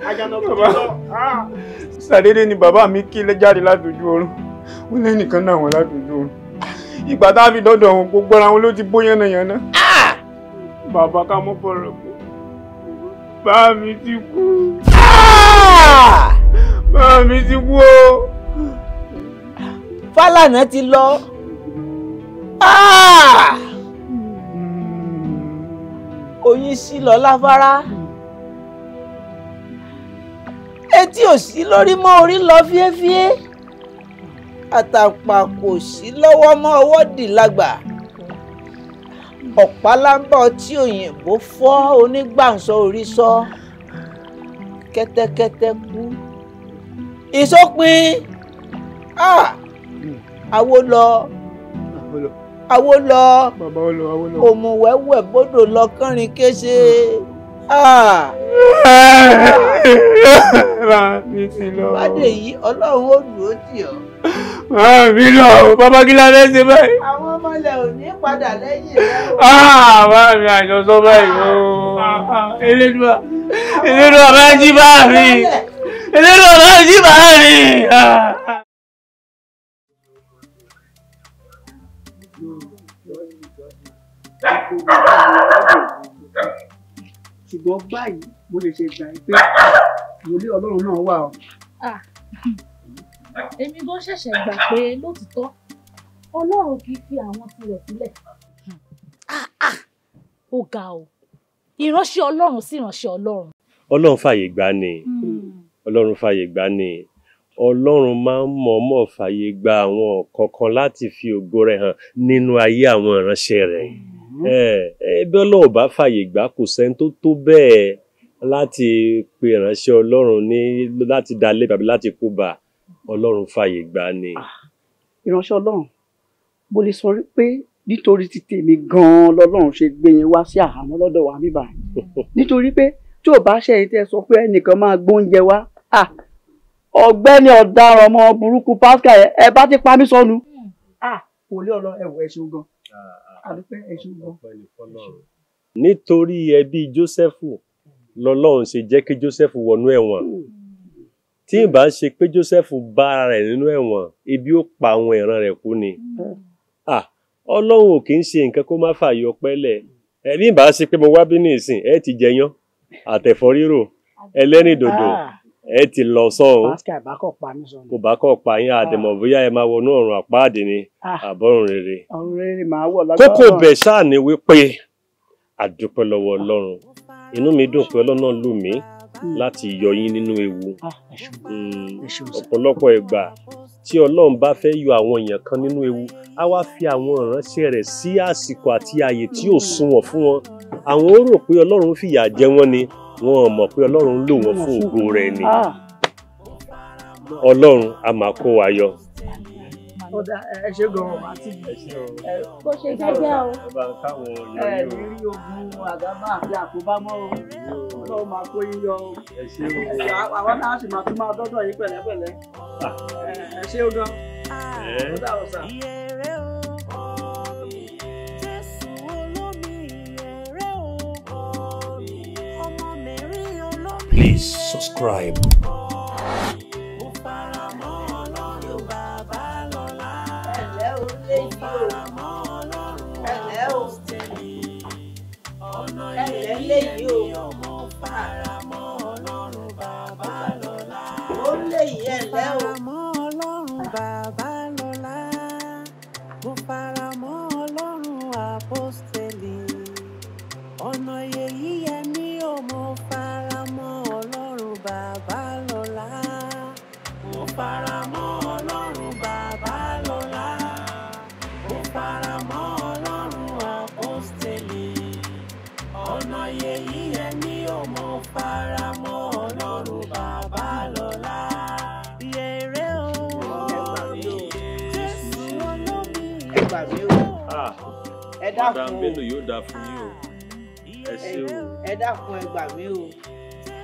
àjànàkú lọ.
sàdédé ni bàbá mi kí lẹ́jáde láti ojú oorun ó lẹ́nìkan náà wọn ládùúgbò ìgbà tá a fi dọ́dọ̀ wọn gbogbo ara
wọn ló ti bó yánnayànna. Ah! bàbá ká mọ́ bọ̀rọ̀ pé bá mi ti kú ah! bá mi ti kú o.
Fálànà ti lọ. Ah! Oyin sí lọ láfárá. Etí ò sí lórí mọ́ orí lọ fíéfíé àtàpà kò sí lọ́wọ́ mọ́ ọwọ́ dì lágbà ọ̀pálábọ̀ tí òyìnbó fọ́ onígbàǹsọ orí sọ kẹ́tẹ́kẹ́tẹ́ kú ìsópin àwo ah! lọ àwo lọ òmùwẹ́wẹ́ bodò lọ kánrin kése. Mm. Máa
mi ti lọ.
Bádé yìí ọlọ́run ó dùn ó dì ọ́.
Máa mi lọ o, bàbá kí la fẹ́ ṣe báyìí.
Àwọn ọmọlẹ̀ ò ní padà lẹ́yìn
rẹ̀ o. Máa mi àjọsọ báyìí o. Elédùá, elédùá máa jí báà mi. Elédùá máa jí báà mi.
Thank you
ṣùgbọ́n báyìí mo ṣẹ̀ṣẹ̀ gbà pé mo lé ọlọ́run náà wà o.
èmi gan ṣẹ̀ṣẹ̀ gbà pé lótìtọ́ ọlọ́run kì í fi àwọn tirẹ̀ sílẹ̀. ó ga o ìránṣẹ́ ọlọ́run sí ìránṣẹ́ ọlọ́run.
ọlọ́run fàyè gbà ni hmm. ọlọ́run fàyè gbà ni ọlọ́run máa ń mọ̀ọ́mọ̀ fàyè gba àwọn kọ̀ọ̀kan láti fi ògo rẹ̀ hàn nínú ayé àwọn ìránṣẹ́ rẹ̀ yìí. Hmm ẹbí mm-hmm. eh, eh, ọlọ́run bá fàyè gbà kò sẹ́ni tó tó bẹ́ẹ̀ láti pe ìránṣẹ́ ọlọ́run ní láti dalé tàbí láti kó bá ọlọ́run fàyè gbà ni. Ah,
ìránṣẹ́ ọlọ́run mo lè sọ pé nítorí ti tèmi gan-an lọ́lọ́run ṣe gbé yín wá sí àhámọ́ lọ́dọ̀ wa mi báyìí nítorí pé tí ò bá ṣe èyí tẹ́ sọ pé ẹnìkan máa gbóúnjẹ wá ah, ọ̀gbẹ́ni ọ̀daràn ọmọ burúkú pascal ẹ bá ti pa mí sọnù. kò lé ọlọ ẹwọ ẹ ṣeun gan
nítorí ẹbí Jósẹ́fù lọ́lọ́run ṣe jẹ́ kí Jósẹ́fù wọnú ẹ̀wọ̀n tí ìbá ṣe pé Jósẹ́fù bá ara rẹ̀ nínú ẹ̀wọ̀n ebi ó pa àwọn ìran rẹ̀ kú ni Ọlọ́run ò kì í ṣe nǹkan kó má fààyè ọpẹ́ lẹ̀ ẹ̀rí ìbá ṣe pé mo wá bí nìsín ẹ ti jẹyán àtẹ̀fọ́ rírò ẹlẹ́rìndòdò ah ẹ ti lọ sọ o kò bá kọ pa yín àdèmọ ah. bóyá ẹ máa wọnú ọ̀run àpáàdé ni ah. àbọ̀run rere kókó bẹ̀ ṣáà ni wípé àdúpẹ́ lọ́wọ́ Ọlọ́run inú mi dùn pé Ọlọ́run náà lù mí hmm. láti yọ yín nínú ewu ah, hmm. ọ̀pọ̀lọpọ̀ ìgbà tí Ọlọ́run bá fẹ́ yọ àwọn èèyàn kan nínú ewu á wá fi àwọn ìránṣẹ́ rẹ̀ sí àsìkò àti ààyè tí ò hmm. sunwọ̀n fún wọn àwọn ó rò pé Ọlọ́run fìyà jẹ wọ́n ni wọn mọ̀ pé ọlọ́run lò wọ́n fún ògo rẹ̀ ni ah. ọlọ́run a máa kó wa yọ.
ẹ ṣe gan-an àti bó ṣe jẹ́jẹ́
o ẹ rírí
ogun àgámà àti àkóbámọ́ o ọlọ́run máa kó yín yọ o àwọn náà sì máa tún máa dọ́dọ̀ yín pẹ̀lẹ́pẹ̀lẹ́
ah. ẹ
ṣe eh. ó gan-an
Please subscribe.
Ẹ̀lẹ́ yìí o.
bàbá lọ́lá mo fara mọ́ ọlọ́run bàbá mo fara mọ́ ọlọ́run àpọ́stélì ọ̀nà yẹ̀yí ẹ̀ ní o mo fara mọ́ ọlọ́run bàbá lọ́lá.
o jésù olómi ìwọ
ah, ẹ dákun
ẹ dákun ẹ gbà mí o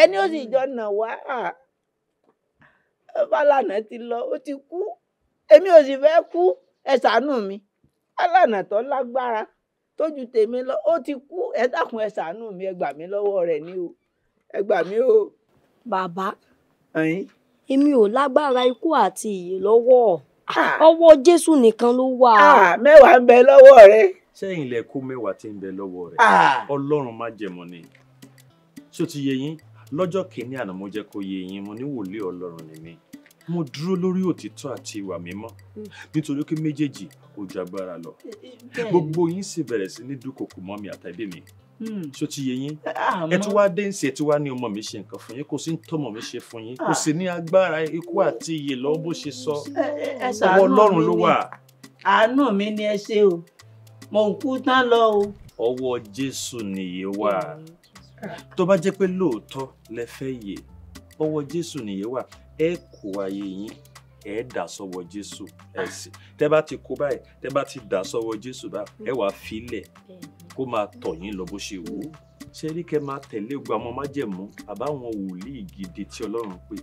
ẹni ó sì mm. jọ nà wá fàlànà ti lọ ó ti kú èmi ò sì fẹ́ kú ẹ ṣàánú mi fàlànà tó lágbára tójú tèmi lọ ó ti kú ẹ dákun ẹ ṣàánú mi ẹ gbà mí lọ́wọ́ rẹ̀ ni o ẹ gbà mí
o. bàbá èmi ò lágbára ikú àti ìyè lọ́wọ́ ọwọ́ jésù nìkan ló wà. mẹ́wàá ń bẹ
lọ́wọ́ rẹ. sẹ́yìn ilẹ̀ kó mẹ́wàá ti ń bẹ lọ́wọ́ rẹ̀ ọlọ́run má jẹ̀mọ́ ni ṣó ti yẹ yín lọ́jọ́ kìíní àná mo jẹ́ kó yé yín mo ní wòlíì ọlọ́run ni mí mo dúró lórí òtítọ́ àti ìwà mímọ́ nítorí pé méjèèjì ojú agbára lọ gbogbo yín sì bẹ̀rẹ̀ sí ní dúnkokò mọ́ mi àtẹ̀bí mi hmm. ṣó ti yé yín ẹ tún wá dé ń ṣe ẹ tún wá ní ọmọ mi ṣe nǹkan fún yín kò sí ń tọmọ mi ṣe fún yín kò ah. sì ní agbára ikú àti iyè lọ́wọ́ bó ṣe sọ
ọwọ́ ọlọ́run ló wà. àánú mi ni ẹ ṣe o mò ń kú tán lọ
o. ọwọ́ jésù nìyí wà. Hmm tó bá jẹ́ pé lóòótọ́ lẹ fẹ́ yè ọwọ́ Jésù nìyẹn wà ẹ kó ayé yín ẹ dà sọ́wọ́ Jésù ẹ sì tẹ́ bá ti kó báyìí tẹ́ bá ti dà sọ́wọ́ Jésù báyìí ẹ wàá filẹ̀ kó máa tọ̀ yín lọ bó ṣe wù ú ṣe rí kẹ́ máa tẹ̀lé gba àwọn májẹ̀mú àbáwọn wòlíì gidi tí Ọlọ́run pè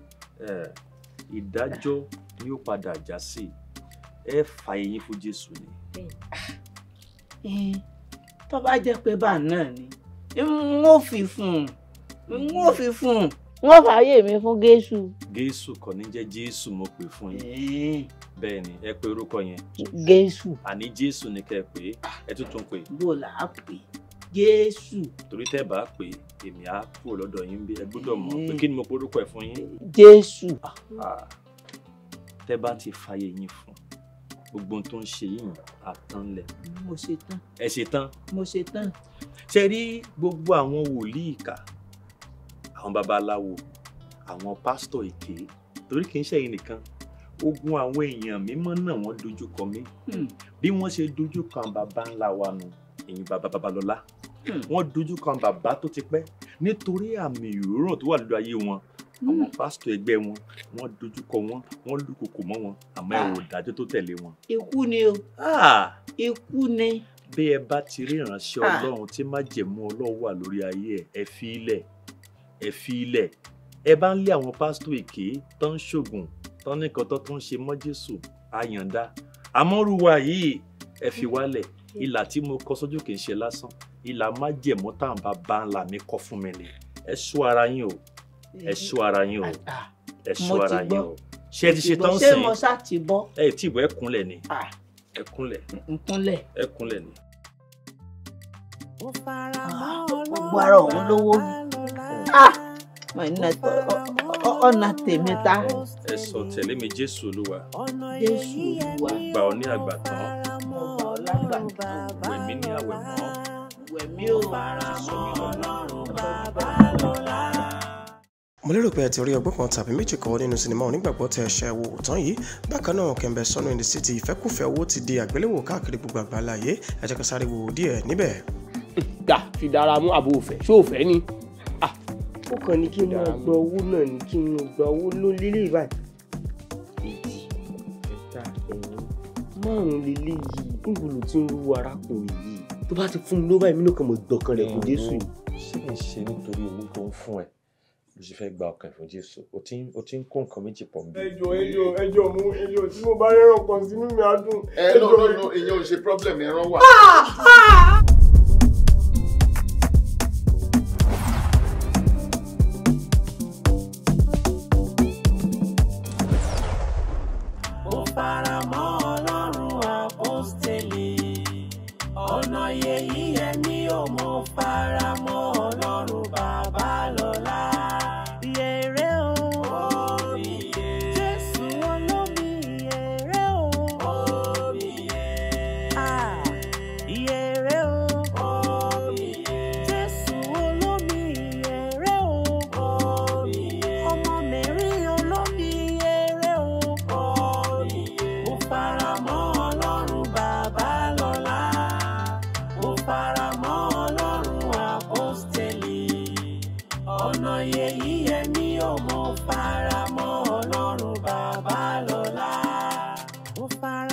ìdájọ́ ni ó padà já sí ẹ fà eyín fún Jésù
ni.
tó bá jẹ́ pé bá náà ni n ó fi fún un n ó fi fún un wọ́n fàáyè mi fún Jésù.
Jésù kò ní jẹ́ Jésù mo pè fún yín bẹ́ẹ̀ ni ẹ pé orúkọ yẹn. Jésù. àní Jésù ni kẹ́ ẹ é ẹ tún tún pè. bó la á pè Jésù. torí tẹ́ bá pè èmi á kúrò lọ́dọ̀ yín bí ẹ gbọ́dọ̀ mọ̀ pé kí ni mo porúkọ ẹ̀ fún yín. Jésù. tẹ́ bá ti fàáyè yín fún gbogbo ohun tó ń ṣe yìí àtànlẹ̀. mo ṣe tán. ẹ ṣe tán. mo ṣe tán ṣe rí gbogbo àwọn wòlíì ìkà àwọn babaláwo àwọn pásítọ̀ èké torí kì í ṣe ẹnìkan ogun àwọn èèyàn mímọ́ náà wọ́n dojúkọ mi hmm. bí wọ́n ṣe dojúkọ àwọn baba ńlá wa nù ẹ̀yìn baba babalọ́lá hmm. wọ́n dojúkọ àwọn baba tó ti pẹ́ nítorí àmì ìróràn tó wà lórí ayé wọn hmm. àwọn pásítọ̀ ẹgbẹ́ wọn wọ́n dojúkọ wọn wọ́n lùkòkò mọ́ wọn àmọ́ ẹ ah. wò dájọ́ tó tẹ̀lé wọn.
ikú ni o ah. ikú ni
bí ẹ bá ti rí ìránṣẹ́ ah. Ọlọ́run tí májẹ̀mú Ọlọ́run wà lórí ayé ẹ ẹ fi ilẹ̀ ẹ fi ilẹ̀ ẹ bá ń lé àwọn pásítọ̀ èké tó ń ṣògùn tó ní nǹkan tó ń ṣe mọ́ Jésù àyàndá àmọ́rúwa yìí ẹ fi wálẹ̀ ìlà tí mo kọ sójú kì í ṣe lásán ìlà májẹ̀mú tàǹbà bá ńlá mi kọ fún mi ni ẹ ṣọ́ ara yín o ẹ ṣọ́ ara yín o ah, ah. ẹ ṣọ́ ara yín o ṣé ẹ ti ṣe tán sìn ẹ ti bọ́ ẹ kúnlẹ̀ ni. Ah. ẹkúnlẹ̀. nkúnlẹ̀. ẹkúnlẹ̀ ni.
Ah, gbogbo ara òun lówó mi ah, uh, uh, uh, ọ̀nà tèmi ta.
ẹ sọ tẹ̀lé mi jésù olúwa. jésù olúwa. gbà ọ ní ọba ọlágbàtàn. wẹ̀mí ní àwẹ̀ mọ́. wẹ̀mí ò bára mọ́
mo lérò pé ẹ ti rí ọgbọ́n kan tàbí méjì kọ́ nínú sinimá onígbàgbọ́ tẹ ẹ̀ṣẹ̀ wo òtán yìí bákan náà Kẹ̀mbẹ́ Ìsọnù in the City ìfẹ́kùfẹ́ owó ti di àgbéléwò káàkiri gbogbo àgbáláyé ẹ jẹ́ ká sáré wo díẹ̀ níbẹ̀. gbà fi dára mú àbò òfẹ ṣó òfẹ ni. ó kàn ní kí n
máa gba owó náà ní kí n gba owó ló lílé ìbàdàn.
èjì ẹ̀ta ẹ̀yìn
márùn-ún lílé yìí níbo ló ti ń rú arákùnrin yìí tó bá ti
fún mi ló ṣe fẹ́ gba ọkàn fún Jésù o ti ń kó nǹkan méjì pọ̀ nbí.
ẹjọ ẹjọ ẹjọ mú ẹjọ tí mo
bá rẹ́rọ̀ kan sínú mi á dùn. ẹ lọ́ọ́ lọ́ọ́ èèyàn ò ṣe problem ẹran wà. Ah, ah!
ọ̀nà yẹ̀yí èmi ò mọ̀ faramọ́ ọlọ́run bàbá lọ́la.